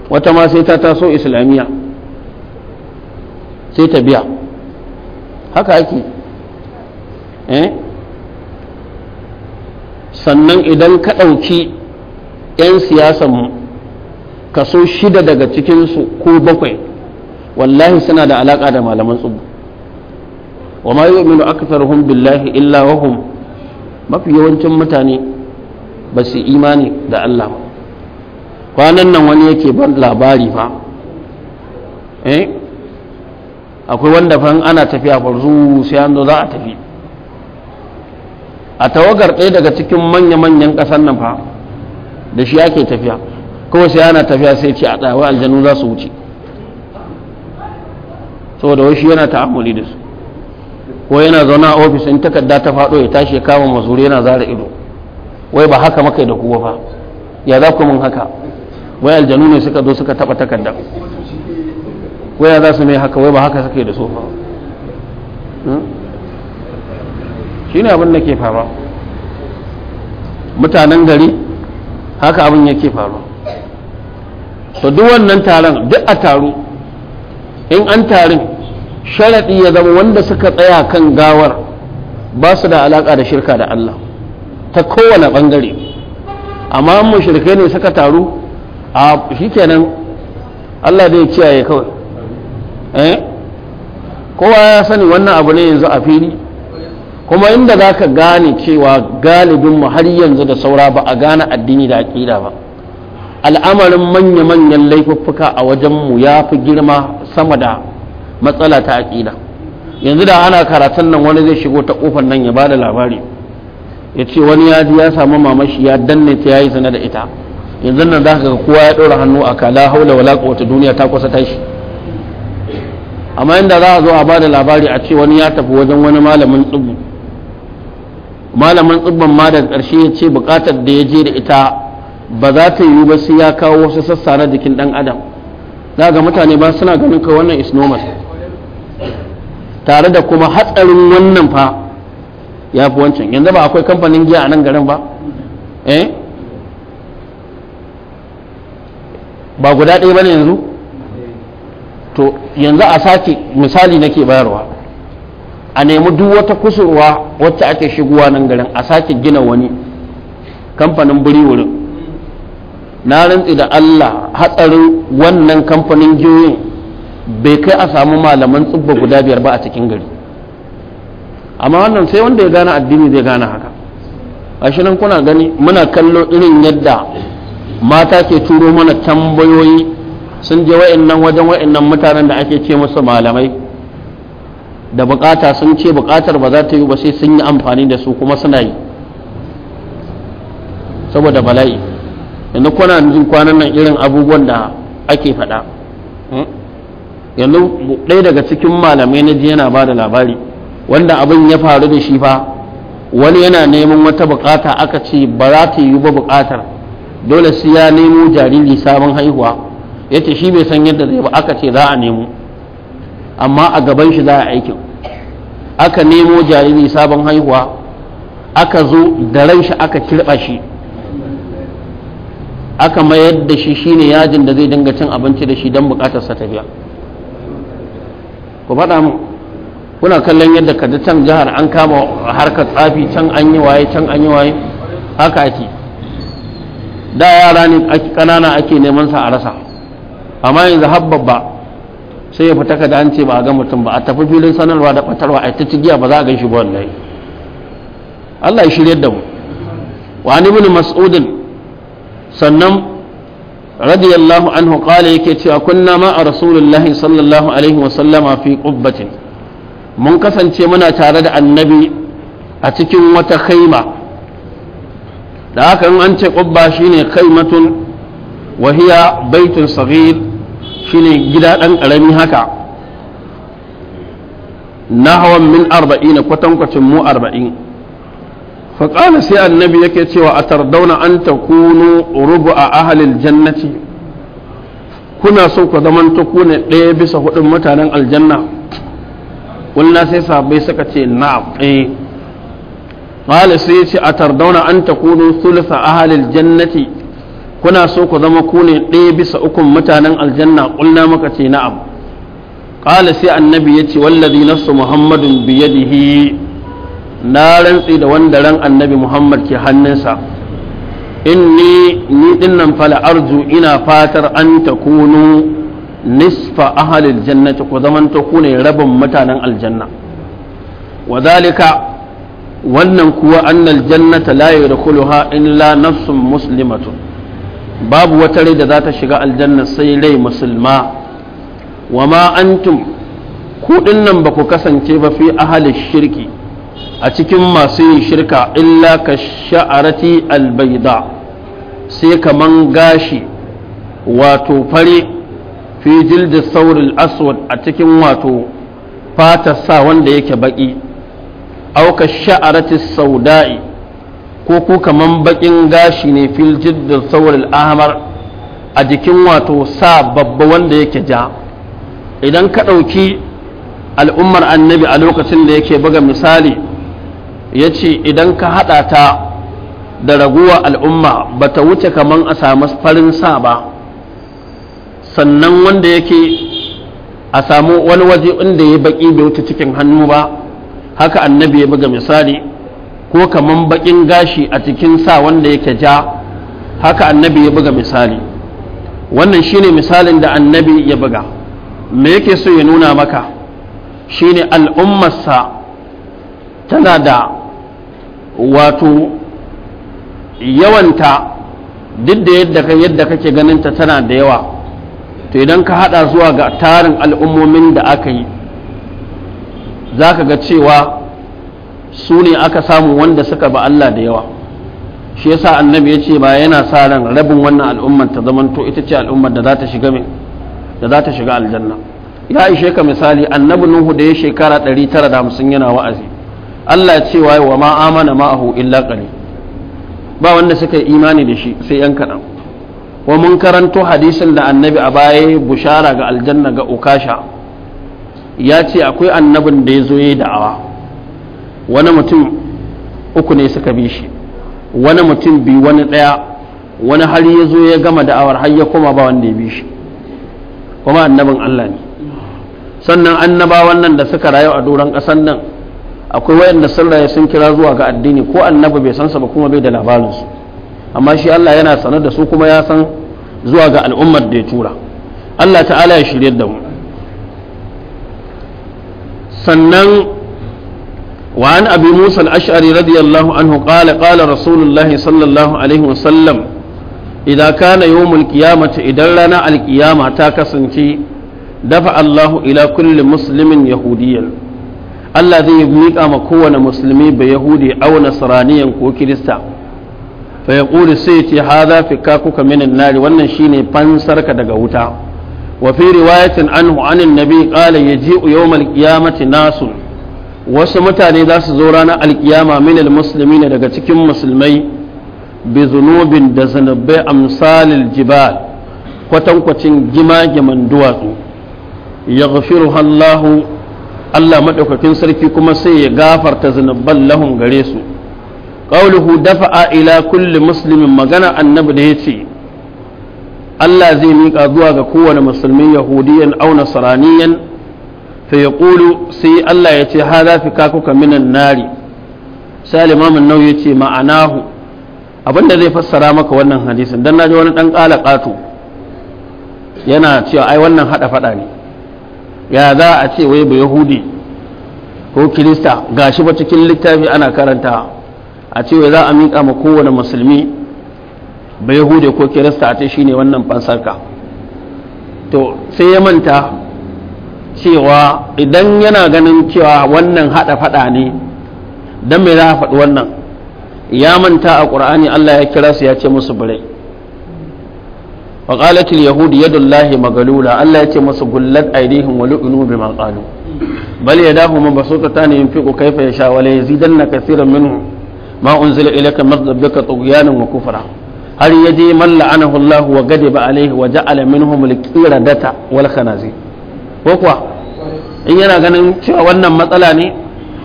S1: wata ma sai ta taso islamiyya sai ta biya haka ake eh? sannan idan ka ɗauki 'yan siyasan kaso shida daga cikinsu ko bakwai wallahi suna da alaƙa da malaman tsubu wa ma yu'minu aktharuhum billahi illa wa hum mafi yawancin mutane ba su imani da Allah ba kwanan nan wani yake ban labari ba. eh akwai wanda fa ana tafiya farzu sai an zo za a tafi a tawagar ɗaya daga cikin manya-manyan ƙasar nan fa da shi ake tafiya kawai sai ana tafiya sai ce a ɗawa aljanu za su wuce saboda wai shi yana ta'amuli da su ko yana zaune a ofis in takarda ta faɗo ya tashi ya kama mazuri yana zara ido wai ba haka makai da kuwa fa ya za ku min haka wai aljanu ne suka zo suka taɓa takardar waya za su mai haka wai ba haka suke da sofa hmm? shi ne abin da ke faruwa mutanen gari haka abin yake faruwa to duk wannan taron duk a taru in an tarin sharaɗi ya zama wanda suka tsaya kan gawar ba su da alaƙa da shirka da Allah ta kowane ɓangare amma shirkai ne suka taru a shi kenan Allah zai kiyaye kawai Eh? kowa ya sani wannan abu ne yanzu a fili kuma inda za ka gane cewa galibin mu har yanzu da saura ba a gane addini da aƙida ba al'amarin manya-manyan laifuffuka a wajenmu ya fi girma sama da matsala ta aƙida yanzu da ana karatun nan wani zai shigo ta ƙofar nan ya bada labari ya ce wani ya ji ya samu mamashi ya danne ta yayi sana da ita yanzu nan za ka ga kowa ya ɗora hannu a kala haula wala wata duniya ta kusa tashi amma inda za a zo a bada labari a ce wani ya tafi wajen wani malamin tsibbu malamin tsibbin ma daga ƙarshe ya ce buƙatar da ya je da ita ba za ta yiwu ba sai ya kawo wasu sassa na jikin ɗan adam za ga mutane ba suna ganin ka wannan is normal tare da kuma hatsarin wannan fa ya fi wancan yanzu ba akwai kamfanin giya a nan garin ba eh ba guda ɗaya ba ne yanzu to yanzu a sake misali nake bayarwa a nemi duk wata kusurwa wacce ake shigowa nan garin a sake gina wani kamfanin biri wurin na rantsi da Allah hatsarin wannan kamfanin giyoyin bai kai a samu malaman tsubba guda biyar ba a cikin gari amma wannan sai wanda ya gane addini zai gane haka a nan kuna gani muna kallo irin yadda mata ke turo mana tambayoyi sun je wa'annan wajen wa'annan mutanen da ake ce musu malamai da bukata sun ce bukatar ba za ta yi ba sai sun yi amfani da su kuma suna yi saboda bala'i yanzu kuna jin kwanan nan irin abubuwan da ake faɗa hmm? yanzu ɗaya daga cikin malamai na ji yana ba da labari wanda abin ya faru da shi fa wani yana neman wata bukata aka ce ba za ta yi ba bukatar dole sai ya nemo jariri sabon haihuwa ya shi bai san yadda zai ba aka ce za a nemo amma a gaban shi za a aikin aka nemo jariri sabon haihuwa aka zo da ran shi aka kirɓa shi aka mayar da shi shine yajin da zai dinga cin abinci da shi don bukatar sa tafiya ku faɗa mu kuna kallon yadda kaji can jihar an kama harkar tsafi can an yi waye can an yi waye haka ake da yara ne ƙanana ake neman sa a rasa amma yanzu habbabba sai ya fita kada an ce ba a ga mutum ba a tafi filin sanarwa da batarwa a ta giya ba za a gan shi ba wallahi Allah ya shirye da mu wa an ibn mas'ud sannan radiyallahu anhu qala yake cewa kunna ma a rasulullahi sallallahu alaihi wa sallama fi qubbatin mun kasance muna tare da annabi a cikin wata khaima da haka an ce qubba shine khaimatun matun wahiya baitun saghir shine gida ɗan ƙarami haka na nahawan min arba'in kwatankwacin mu arba'in faƙala sai annabi yake cewa a tardauna an ta kunu rubu a ahalin jannati kuna so ku zaman ta kuna ɗaya bisa hudun mutanen aljanna ƙulla sai sabai suka ce na ƙala eh. sai ya ce a tardauna an ta kunu sulsa ahalin jannati kuna so ku zama ku ne ɗaya bisa ukun mutanen aljanna ƙulna maka ce na'am ƙala sai annabi ya ce wallazi nafsu muhammadun biyadihi na rantsi da wanda ran annabi muhammad ke hannunsa inni ni dinnan fala arju ina fatar an kunu nisfa ahalil jannati ku zamanto ku ne rabin mutanen aljanna wa zalika wannan kuwa annal jannata la yadkhuluha illa nafsun muslimatun babu wata rai da za ta shiga aljanna sai rai musulma wa ma antum kuɗin nan ba ku kasance ba fi ahalin shirki a cikin masu yin shirka illa ka sha'arati albaida sai kaman gashi wato fare fi jildin saurin aswad a cikin wato fata sa wanda yake baki auka sha'arati sauda'i ko ku kaman bakin gashi ne fil jiddil saurin ahmar a jikin wato sa babba wanda yake ja idan ka ɗauki al'ummar annabi a lokacin da yake buga misali ya ce idan ka haɗa ta da raguwa al'umma ba ta wuce kaman a samu farin sa ba sannan wanda yake a samu wani waje inda ya baki bai wuce cikin hannu ba haka annabi ya buga misali ko kaman bakin gashi a cikin sa wanda yake ja haka annabi ya buga misali wannan shine misalin da annabi ya buga me yake so ya nuna maka shine al'ummarsa tana da wato yawanta duk da yadda yadda kake ganinta tana da yawa to idan ka hada zuwa ga tarin al'ummomin da aka yi za ka ga cewa su ne aka samu wanda suka ba Allah da yawa shi yasa annabi ya ce ba yana sa ran rabin wannan al'ummar ta to ita ce al'ummar da za ta shiga aljanna ya ishe ka misali annabi nuhu da ya shekara 950 yana wa'azi Allah ya ce wa ma amana ma'ahu illa qalil ba wanda suka yi imani da shi sai yan kaɗan wa mun karanto hadisin da annabi a baya bushara ga aljanna ga ukasha ya ce akwai annabin da ya zo ya da'awa wani mutum uku ne suka bi shi wani mutum bi wani ɗaya wani har ya zo ya gama da'awar har ya koma ba wanda ya bi shi kuma annabin Allah ne sannan annabawan nan da suka rayu a doron ƙasan nan akwai wayanda sun rayu sun kira zuwa ga addini ko annabi bai san sa ba kuma bai da labarinsu amma shi Allah yana sanar da su kuma ya san zuwa ga al'ummar da ya tura Allah ta'ala ya shirye da mu sannan وعن أبي موسى الأشعري رضي الله عنه قال قال رسول الله صلى الله عليه وسلم إذا كان يوم القيامة إذا لنا القيامة تاكسنتي دفع الله إلى كل مسلم يهوديا الذي يبنيك أما كون مسلمي بيهودي أو نصرانيا وكريستا فيقول سيتي هذا فكاكك من النار والنشيني فانسرك دقوتا وفي رواية عنه عن النبي قال يجيء يوم القيامة ناس wasu mutane za su zo ranar alkiyama minal musulmi daga cikin musulmai bi zunubin da a amsalil jibal kwatankwacin gima-giman duwatsu ya gafiru Allahu Allah maɗaukakin sarki kuma sai ya gafarta zanabban lahun gare su ƙauluhu dafa ila kulli musulmin magana annabi da ya ce Allah zai miƙa zuwa ga kowane musulmin yahudiyan au nasaraniyan فيقول سي الله يتي هذا فكاكك من النار sai na nau ya ce ma'anahu abinda zai fassara maka wannan hadisin dan naji wani dan kala ƙato yana cewa ai wannan hada fada ne ya za a ce wai ba yahudi ko kirista gashi ba cikin littafi ana karanta a ce wai za a miƙa ma kowane musulmi ba yahudi ko kirista a ce shine wannan fansarka to sai ya manta cewa idan yana ganin cewa wannan hada fada ne dan me za a faɗi wannan ya manta a ƙur'ani Allah ya kira su ya ce musu birai wa qalat al yahud yadullahi magalula Allah ya ce musu gullat aydihim wa lu'inu bima qalu bal yadahu mabsuutatan yunfiqu kayfa yasha wa la yazidanna kaseeran minhu ma unzila ilayka min rabbika tughyanan wa kufra har yaje man la'anahu Allah wa gade alayhi wa ja'ala minhum al qiradata wal khanazir ko kuwa in yana ganin cewa wannan matsala ne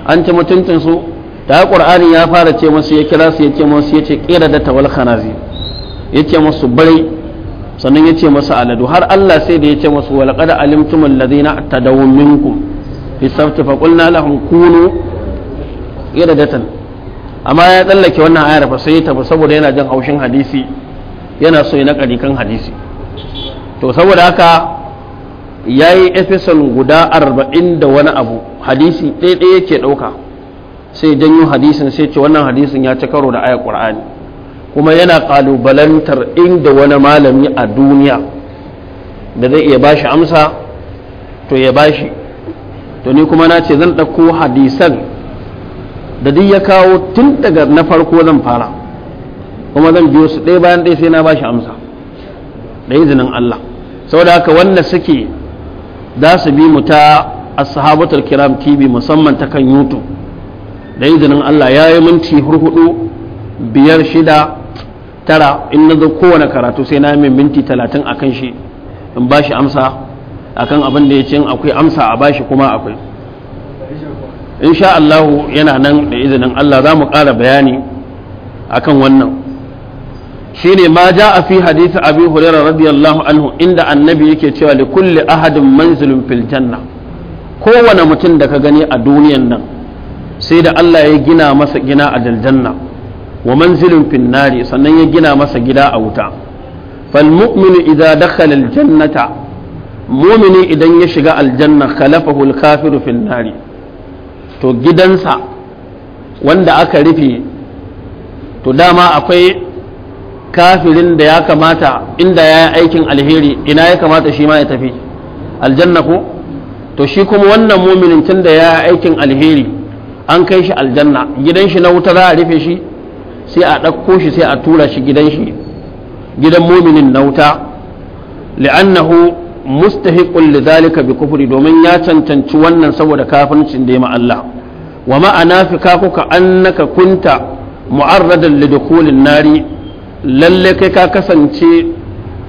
S1: an ci mutuntun su da qur'ani ya fara ce musu ya kira su ya ce musu ya ce kira da tawal khanazi ya ce musu bari sannan ya ce musu aladu har Allah sai da ya ce musu walaqad alimtum alladhina tadawun minkum fi sabti fa qulna lahum kunu tan amma ya tsallake wannan ayar fa sai ta saboda yana jin haushin hadisi yana so ya nakari kan hadisi to saboda haka ya yi efesol guda arba'in da wani abu hadisi ɗaya yake ɗauka sai janyo hadisin sai ce wannan hadisin ya ci karo da ayar ƙur'ani kuma yana ƙalubalantar inda wani malami a duniya da zai iya bashi amsa to ya bashi to ni kuma na ce zan ɗauko hadisan da duk ya kawo tun daga na farko zan fara kuma zan biyo su ɗaya bayan ɗaya sai na bashi amsa da izinin Allah saboda haka wanda suke za su bi mu ta ashabatul kiram tv musamman ta kan youtube da izinin allah ya yi minti hurhudu biyar shida tara in na zo kowane karatu sai na min minti talatin a kan shi in ba shi amsa a kan abin da ya ce akwai amsa a ba shi kuma akwai insha allahu yana nan da izinin allah za mu ƙara bayani a kan wannan shine ma a fi hadisi abi hurairah radiyallahu anhu inda annabi yake cewa li kulli ahadin manzilun fil janna kowane mutum da ka gani a duniyan nan sai da Allah ya gina masa gina a daljanna wa manzilun fil nari sannan ya gina masa gida a wuta fal mu'minu idza dakhala al jannata mu'mini idan ya shiga aljanna khalafahu al kafiru fil nari to gidansa wanda aka rufe to dama akwai kafirin da ya kamata inda ya yi aikin alheri ina ya kamata shi ma ya tafi aljanna ko to shi kuma wannan muminin tun da ya yi aikin alheri an kai shi aljanna gidan shi na wuta za a rufe shi sai a ɗauko shi sai a tura shi gidan shi gidan muminin na wuta li'annahu mustahiqun zalika bi kufri domin ya cancanci wannan saboda kafircin da ya ma Allah wa ma'ana fi kuka annaka kunta mu'arradan lidukhulin nari lalle kai ka kasance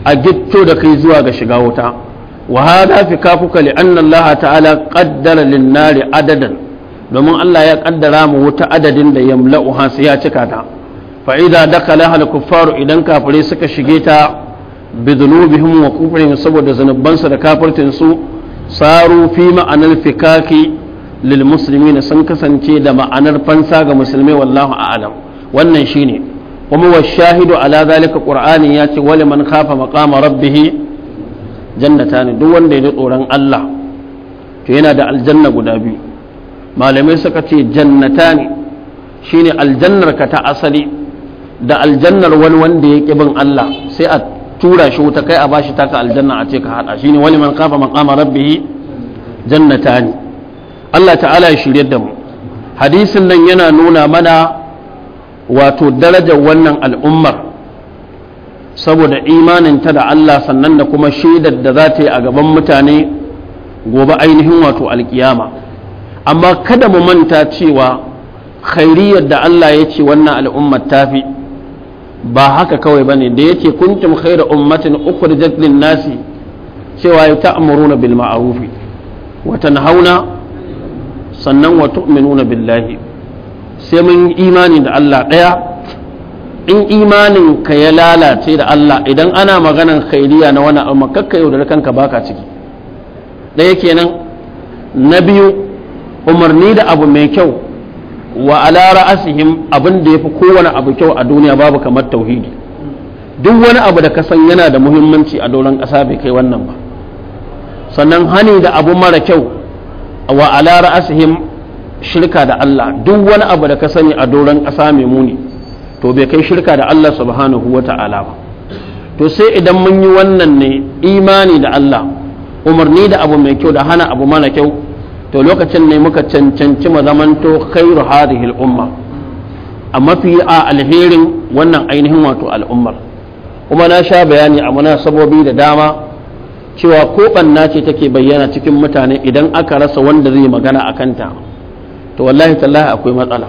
S1: a gitto da kai zuwa ga shiga wuta wa hada fi kafuka li anna Allah ta'ala qaddara lin nari adadan domin Allah ya kaddara mu wuta adadin da ha sai ya cika ta fa idza dakala al kuffaru idan kafire suka shige ta bi dhunubihim wa kufrihim saboda su da kafirtin su saru fi ma'anar fikaki lil muslimina sun kasance da ma'anar fansa ga musulmai wallahu a'lam wannan shine kuma wa shahidu ala zalika qur'ani ya ce wali man khafa maqama rabbih jannatan duk wanda ya tsoron Allah to yana da aljanna guda biyu malamai suka ce jannatani shine aljannar ka ta asali da aljannar wani wanda ya kibin Allah sai a tura shi wuta kai a bashi taka aljanna a ce ka hada shine wali man khafa maqama rabbih jannatani Allah ta'ala ya shiryar da mu hadisin nan yana nuna mana wato darajar wannan al'ummar saboda imaninta da Allah sannan da kuma shaidar da za ta yi a gaban mutane gobe ainihin wato alkiyama amma kada mu manta cewa khairiyar da Allah ya ce wannan al'ummar tafi ba haka kawai ba ne da yake ce kuntum khaira ummatin uku da nasi cewa ya ta'muruna bil ma'ruf wa tanhauna sannan wa tu'minuna billahi sai mun yi imani da Allah ɗaya in imanin ka ya lalace da Allah idan ana maganan khairiya na wani amma kakka yau da kanka baka ciki ɗaya kenan na biyu umarni da abu mai kyau wa ala ra'asihim abin da yafi kowane abu kyau a duniya babu kamar tauhidi duk wani abu da ka san yana da muhimmanci a doron ƙasa bai kai wannan ba sannan hani da abu mara kyau wa ala ra'asihim shirka da Allah duk wani abu da ka sani a doron ƙasa mai muni to bai kai shirka da Allah subhanahu wa ta'ala ba to sai idan mun yi wannan ne imani da Allah umarni da abu mai kyau da hana abu mana kyau to lokacin ne muka cancanci mu zamanto khairu hadhihi al-umma a mafi a alherin wannan ainihin wato al'ummar kuma na sha bayani a sabobi da dama cewa ko banna ce take bayyana cikin mutane idan aka rasa wanda zai magana a kanta to wallahi tallahi akwai matsala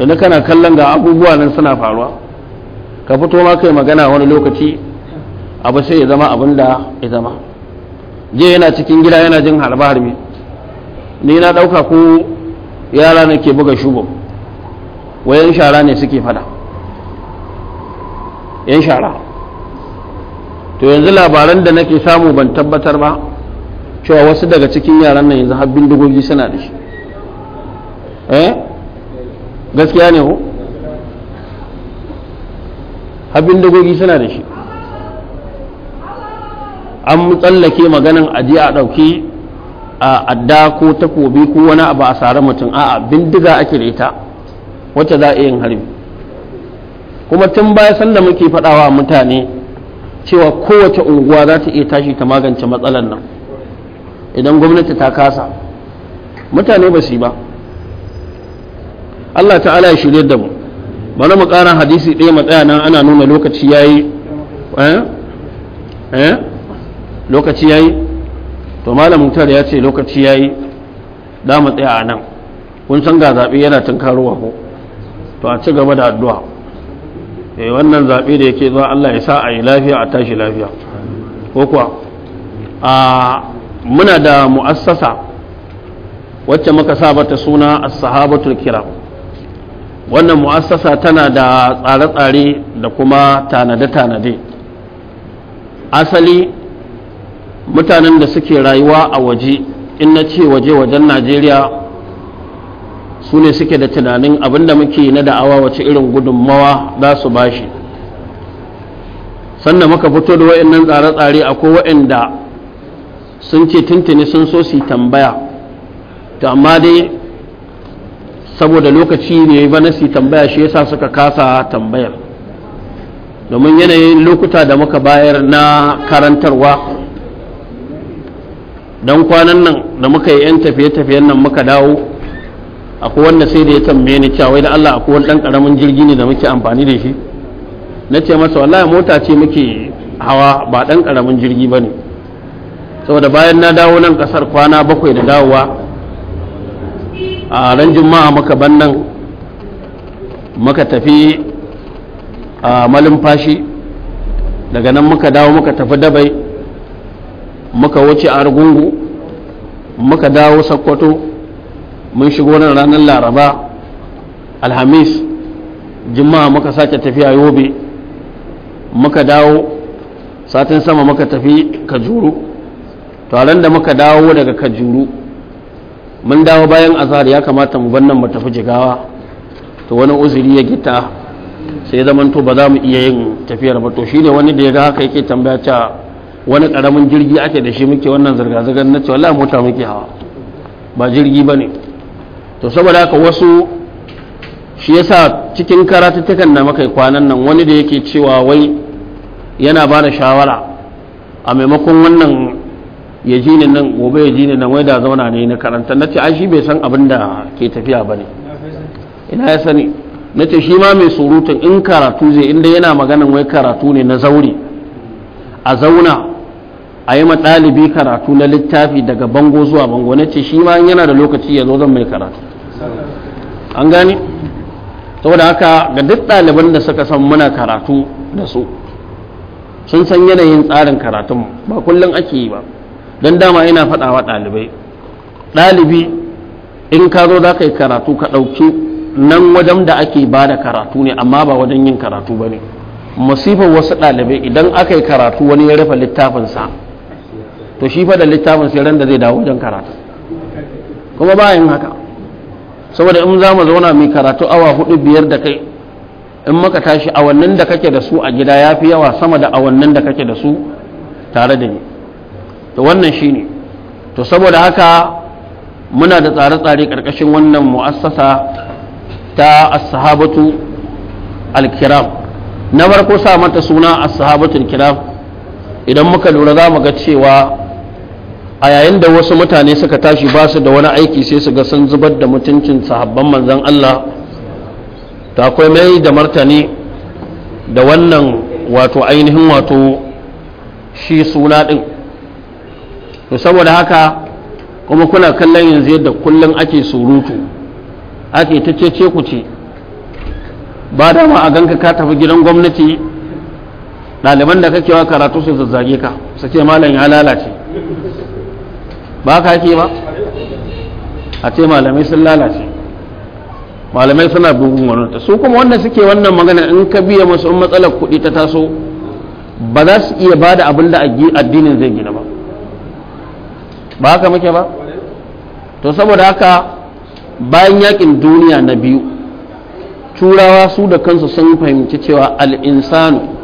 S1: yana kana kallon ga abubuwa nan suna faruwa ka fito ma kai magana wani lokaci abu sai ya zama abin da ya zama je yana cikin gida yana jin harba harbi ni na ɗauka ko yara ne ke buga shugo wayan shara ne suke fada yan shara to yanzu labaran da nake samu ban tabbatar ba cewa wasu daga cikin yaran nan yanzu har bindigogi suna da shi Eh? gaskiya ne ko abin dagogi suna da shi an tsallake maganan aji a ɗauki a adda ko takobi ko wani abu a sare mutum a'a bindiga ake da ita wacce za a yin harbi kuma tun baya sanda muke faɗawa mutane cewa kowace unguwa za ta iya tashi ta magance matsalar nan idan gwamnati ta kasa mutane ba su yi ba Allah ta'ala ya shirye da mu bari mu ƙara hadisi ɗaya matsaya nan ana nuna lokaci ya yi eh? Eh? lokaci ya yi to malam mutar ya ce lokaci ya yi da mu tsaya a nan kun san ga zaɓe yana tunkarowa ko to a ci gaba da addu'a eh wannan zaɓe da yake zuwa Allah ya sa a yi lafiya a tashi lafiya ko kuwa a muna da mu'assasa wacce muka sa bata suna as-sahabatul kiram wannan mu'assasa tana da tsare-tsare da kuma tanade-tanade asali mutanen da suke rayuwa a waje in na ce waje wajen najeriya su ne suke da tunanin abinda muke na da'awa wace irin gudunmawa za su bashi sannan muka fito da wa'annan tsare-tsare akwai wa'anda sun ce tuntuni sun so su tambaya to amma dai saboda lokaci ne ba nasi tambaya shi yasa suka kasa tambayar domin yanayin lokuta da muka bayar na karantarwa don kwanan nan da muka yi 'yan tafiye-tafiyen nan muka dawo akwai wanda sai da ya tambaye ni cewa wai da Allah akwai wani dan karamin jirgi ne da muke amfani da shi na ce masa wallahi mota ce muke hawa ba dan karamin jirgi ba ne saboda bayan na dawo nan kasar kwana bakwai da dawowa a ran juma'a muka bannan muka tafi a malumfashi daga nan muka dawo muka tafi dabai muka wuce a argungu muka dawo sakkwato mun shigo nan ranar laraba alhamis juma'a muka sake a yobe muka dawo satin sama muka tafi kajuru taron da muka dawo daga kajuru mun dawo bayan azhar ya kamata mu bannan mata fi jigawa to wani uzuri ya gita sai zaman to ba za mu iya yin tafiyar ba to shine wani da ya ga haka yake tambaya cewa wani karamin jirgi ake da shi muke wannan zirga zirgar na ce wallahi mota muke hawa ba jirgi ba ne. to saboda haka wasu shi yasa cikin karatuttukan na muka kwanan nan wani da yake cewa wai yana ba da shawara a maimakon wannan ya ji ni nan gobe ya ji ni nan wai da zauna ne na karanta na ce shi bai san abin da ke tafiya ba ne ina ya sani na ce shi ma mai surutun in karatu zai inda yana maganin wai karatu ne na zaure a zauna a yi ɗalibi karatu na littafi daga bango zuwa bango na ce shi ma yana da lokaci ya zo zan mai karatu an gane saboda haka ga duk ɗaliban da suka san muna karatu da su sun san yanayin tsarin karatun ba kullum ake yi ba don dama yana faɗawa ɗalibai ɗalibi in ka zo za ka yi karatu ka ɗauki nan wajen da ake ba da karatu ne amma ba wajen yin karatu ba ne wasu ɗalibai idan aka yi karatu wani ya rufe littafinsa to shi fa da littafin sai ran da zai dawo wajen karatu kuma ba yin haka saboda in za mu zauna mai karatu awa hudu biyar da kai in maka tashi awannin da kake da su a gida ya fi yawa sama da awannin da kake da su tare da ni to wannan shi ne. to saboda haka muna da tsare-tsare ƙarƙashin wannan mu'assasa ta asahabatu sahabatu al-kiram na farko sa mata suna asahabatu sahabatu al idan muka lura za mu ga cewa a yayin da wasu mutane suka tashi ba su da wani aiki sai su ga sun zubar da mutuncin sahabban manzan Allah ta akwai mai da martani da wannan wato ainihin wato shi suna ɗin to saboda haka kuma kuna kallon yanzu yadda kullum ake surutu ake ta cece ku ce ba dama a ganka ka tafi gidan gwamnati ɗaliban da kake wa karatu su zazzage ka su ce malam ya lalace ba ka ke ba a ce malamai sun lalace malamai suna bugun wani su kuma wanda suke wannan magana in ka biya masu in matsalar kuɗi ta taso ba za su iya ba da abin da addinin zai gina ba ba haka muke ba to saboda haka bayan yakin duniya na biyu turawa su da kansu sun fahimci cewa al'insanu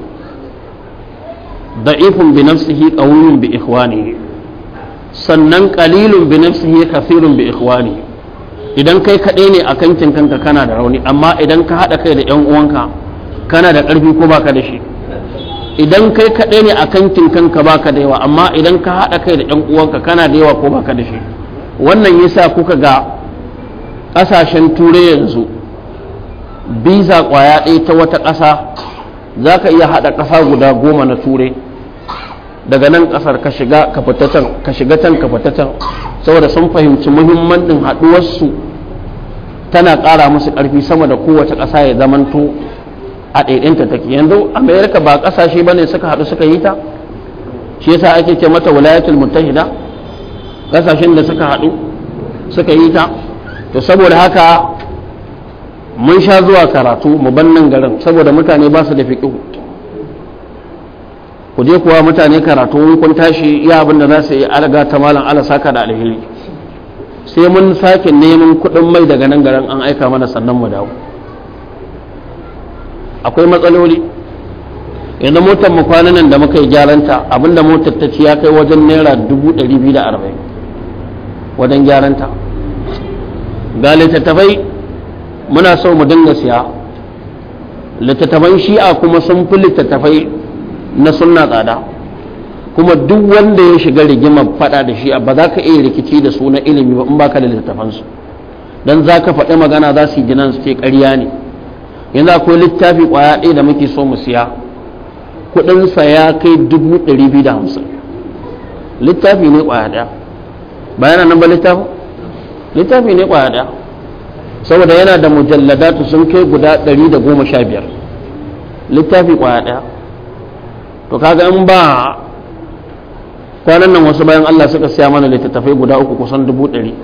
S1: da'ifun bi nafsihi qawiyun bi sannan ƙalilun bi nafsihi kathirun bi idan kai kaɗai ne a kankin kanka kana da rauni amma idan ka haɗa kai da 'yan uwanka kana da ƙarfi ko ba ka da shi idan kai kaɗai ne a kankin kanka baka da yawa amma idan ka haɗa kai da 'yan uwanka kana da yawa ko ka da shi wannan yasa kuka ga ƙasashen turai yanzu biza ƙwaya ɗaya ta wata ƙasa za ka iya haɗa ƙasa guda goma na turai daga nan ƙasar ka shiga ka fita can ka shiga can ka fita can saboda sun fahimci muhimmancin haɗuwarsu tana ƙara musu ƙarfi sama da kowace ƙasa ya zamanto a ɗaiɗinta take yanzu amerika ba ƙasashe ba ne suka haɗu suka yi ta shi yasa ake ce mata walayatul mutahida ƙasashen da suka haɗu suka yi ta to saboda haka mun sha zuwa karatu mu bannan garin saboda mutane ba su da fiƙihu ku je kuwa mutane karatu kun tashi iya abin da za su yi alaga ta malam ala saka da alheri sai mun sake neman kuɗin mai daga nan garin an aika mana sannan mu dawo akwai matsaloli yanzu motar mu kwana nan da muka yi gyaranta abinda motar ta ci ya kai wajen naira dubu ɗari biyu da arba'in wajen gyaranta ga littattafai muna so mu dinga siya littattafan shi'a kuma sun fi littattafai na sunna tsada kuma duk wanda ya shiga rigimar fada da shi'a ba za ka iya rikici da su na ilimi ba in ba ka da littattafansu don za ka faɗi magana za su yi jinan su ce ƙarya ne yanzu akwai littafi kwaya ɗaya da muke so mu siya kuɗinsa ya kai dubu ɗari biyu da hamsin littafi ne kwaya ɗaya bayan yana nan ba littafi littafi ne kwaya ɗaya saboda yana da mujalladatu sun kai guda ɗari da goma sha biyar littafi kwaya ɗaya to kaga in ba kwanan nan wasu bayan Allah suka siya mana littattafai guda uku kusan dubu ɗari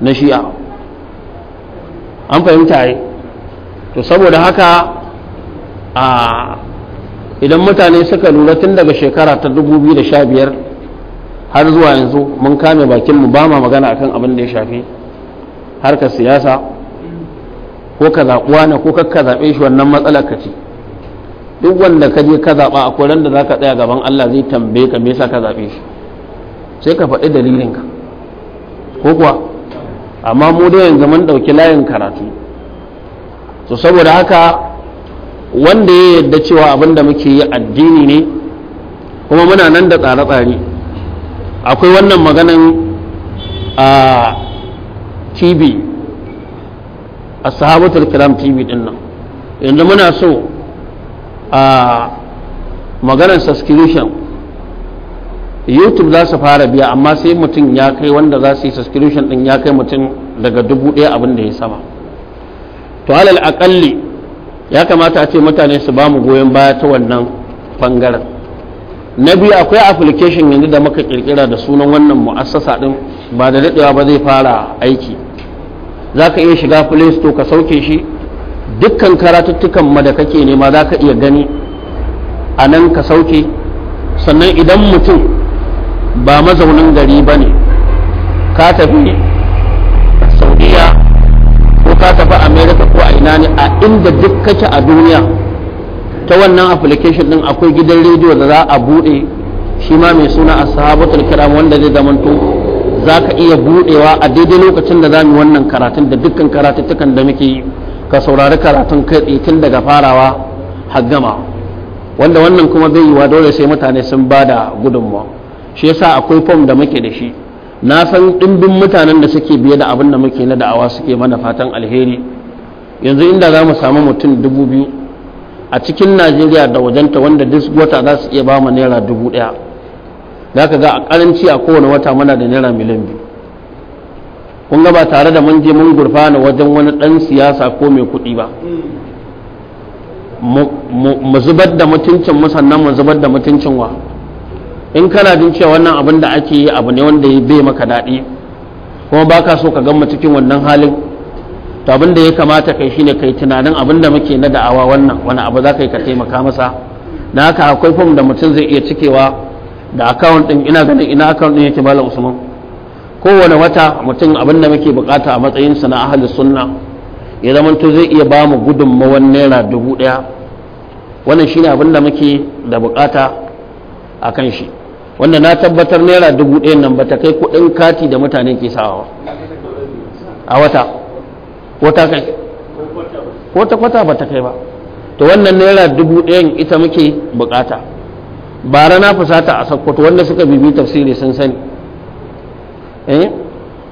S1: na shi'a an fahimta yi to saboda haka a idan mutane suka lura tun daga shekara ta 2015 har zuwa yanzu mun kame bakinmu ba ma magana akan abin da ya shafi harkar siyasa ko ka zaɓuwa na ko ka zaɓe shi wannan matsalar ka ce duk wanda ka je ka zaɓa a koran da za ka tsaya gaban Allah zai tambaye ka me yasa ka zaɓe shi sai ka faɗi dalilinka ko kuwa amma mu da yanzu mun ɗauki layin karatu to saboda haka wanda ya yarda cewa abinda muke yi addini ne kuma muna nan da tsare-tsare akwai wannan maganan a tv a sahabatul kiram tv din nan yanzu muna so a maganar subscription youtube za su fara biya amma sai mutum ya kai wanda za su yi subscription din ya kai mutum daga dubu daya abinda da ya sama to alal aƙalli ya kamata a ce mutane su ba mu goyon baya ta wannan bangaren na biyu akwai application yanzu da muka ƙirƙira da sunan wannan mu'assasa din ba da daɗewa ba zai fara aiki za ka iya shiga play store ka sauke shi dukkan karatuttukan ma da kake nema za ka iya gani a nan ka sauke sannan idan mutum ba mazaunin gari ba ne ka tafi ka tafi america ko a ina ne a inda duk kake a duniya ta wannan application din akwai gidan rediyo da za a buɗe shi ma mai suna a sahabatul kiram wanda zai zamanto za ka iya buɗewa a daidai lokacin da za mu wannan karatun da dukkan karatuttukan da muke yi ka saurari karatun kai tun daga farawa har gama wanda wannan kuma zai yi wa dole sai mutane sun ba da gudunmawa shi yasa akwai fom da muke da shi na san ɗimbin mutanen da suke biye da abin da muke na da'awa suke mana fatan alheri yanzu inda za mu samu mutum dubu biyu a cikin najeriya da wajenta wanda duk wata za su iya ba mu naira dubu ɗaya za ka ga a ƙaranci a kowane wata mana da naira miliyan biyu kun ga ba tare da mun je mun gurfana wajen wani ɗan siyasa ko mai kuɗi ba mu zubar da mutuncin mu sannan mu zubar da mutuncin wa in kana jin cewa wannan abin da ake yi abu ne wanda ya bai maka daɗi kuma ba ka so ka gama cikin wannan halin to abin da ya kamata kai shine kai tunanin abin da muke na da'awa wannan wani abu za ka yi ka taimaka masa na haka akwai fom da mutum zai iya cikewa da akawun ɗin ina ganin ina akawun ɗin yake malam usman kowane wata mutum abin da muke bukata a matsayinsa na ahli sunna ya zamanto zai iya ba mu mawan naira dubu ɗaya wannan shine abin da muke da bukata a kan shi wanda na tabbatar naira dubu ɗaya nan ba ta kai kuɗin kati da mutane ke sawa a wata wata kai wata kwata ba ta kai ba to wannan naira dubu ɗayan ita muke bukata bara na fusata a sakkwato wanda suka bibi tafsiri sun sani eh?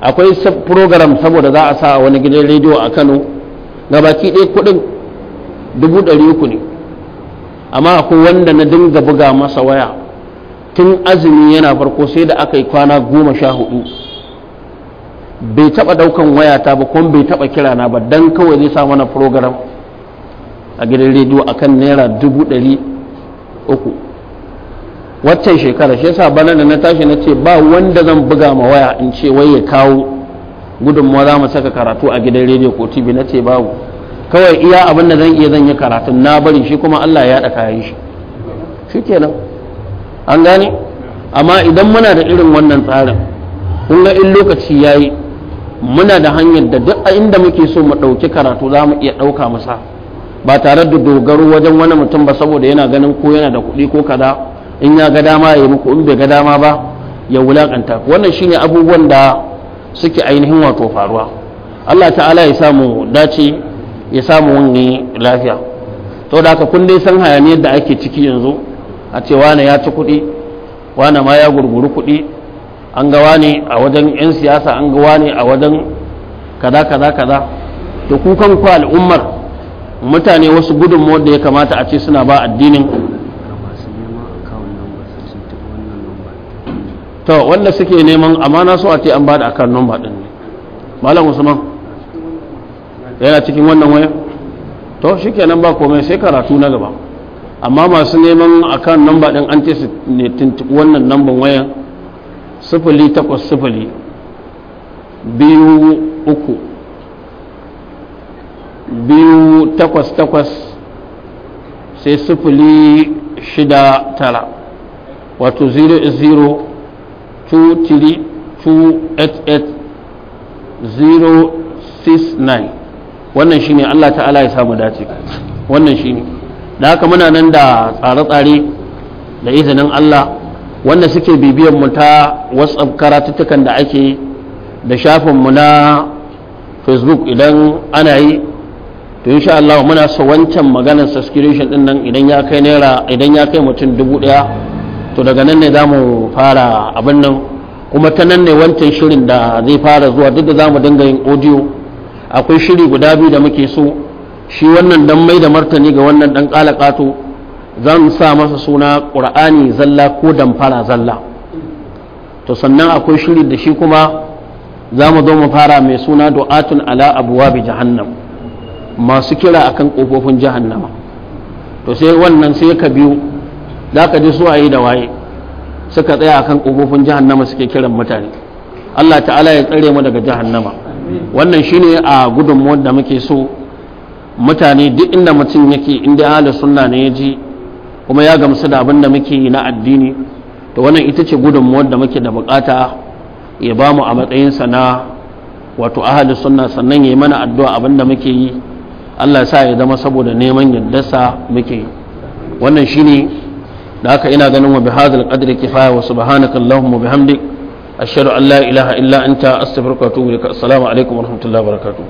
S1: akwai program saboda za a sa a wani gidan rediyo a kano ga baki ɗaya kuɗin dubu ɗari uku ne amma akwai wanda na dinga buga masa waya tun azumi yana farko sai da aka yi kwana goma sha hudu bai taba daukan wayata ba kuma bai taba kira na ba dan kawai zai sa mana program a gidan rediyo kan naira dubu ɗari uku waccan shekara shi yasa bana da na tashi na ce ba wanda zan buga ma waya in ce wai ya kawo gudunmawa za mu saka karatu a gidan rediyo ko tv na ce babu kawai iya abin da zan iya zan yi karatun na bari shi kuma allah ya ya kayan shi shikenan an gane amma idan muna da irin wannan tsarin kun ga in lokaci ya yi muna da hanyar da duk a inda muke so mu ɗauki karatu za mu iya ɗauka masa ba tare da dogaro wajen wani mutum ba saboda yana ganin ko yana da kuɗi ko kaza in ya ga dama ya yi muku in bai ga dama ba ya wulaƙanta wannan shine abubuwan da suke ainihin wato faruwa Allah ta'ala ya samu dace ya samu wani lafiya to da haka kun dai san hayaniyar da ake ciki yanzu a ce wane ya ci kuɗi wane ma ya gurguru kuɗi an ga wane a wajen 'yan siyasa an ga wane a wajen kaza kaza kaza to kukan ku al'ummar mutane wasu gudunmu da ya kamata a ce suna ba addinin to wanda suke neman amana so a ce an ba da akan nomba din ne malam usman yana cikin wannan waya to shikenan ba komai sai karatu na gaba amma masu neman akan namba ɗin an tesa ne wannan namban waya sifili takwas sifili biyu uku biyu takwas takwas sai sifili shida tara wato 0 2 2 wannan shine Allah ta'ala ya samu dace wannan shine da haka muna nan da tsare-tsare da izinin Allah wanda suke bibiyan mu ta WhatsApp karatuttukan da ake da shafin mu na Facebook idan ana yi to insha Allah muna so wancan maganar subscription din nan idan ya kai naira idan ya kai mutum dubu daya to daga nan ne zamu fara abin nan kuma ta nan ne wancan shirin da zai fara zuwa duk da zamu dinga yin audio akwai shiri guda biyu da muke so shi wannan dan mai da martani ga wannan dan kalakato zan sa masa suna qur'ani zalla ko damfara zalla to sannan akwai shiri da shi kuma za mu zo mu fara mai suna du'atun ala abuwa bi jahannam masu kira akan kofofin jahannama to sai wannan sai ka biyu za ka ji suwaye da waye suka tsaya akan kofofin jahannama suke kiran mutane Allah ta'ala ya tsare mu daga jahannama wannan shine a gudunmu da muke so mutane duk inda mutum yake inda halin sunna ne ya ji kuma ya gamsu da abin da muke yi na addini to wannan ita ce gudunmuwar da muke da bukata ya ba mu a matsayinsa na wato ahali sunna sannan ya yi mana addu'a abin da muke yi allah sa ya zama saboda neman yaddasa muke yi wannan shine da haka ina ganin wa bihadhal qadri kifaya wa subhanaka allahumma bihamdik ashhadu an la ilaha illa anta astaghfiruka wa atubu ilaik assalamu alaikum wa rahmatullahi wa barakatuh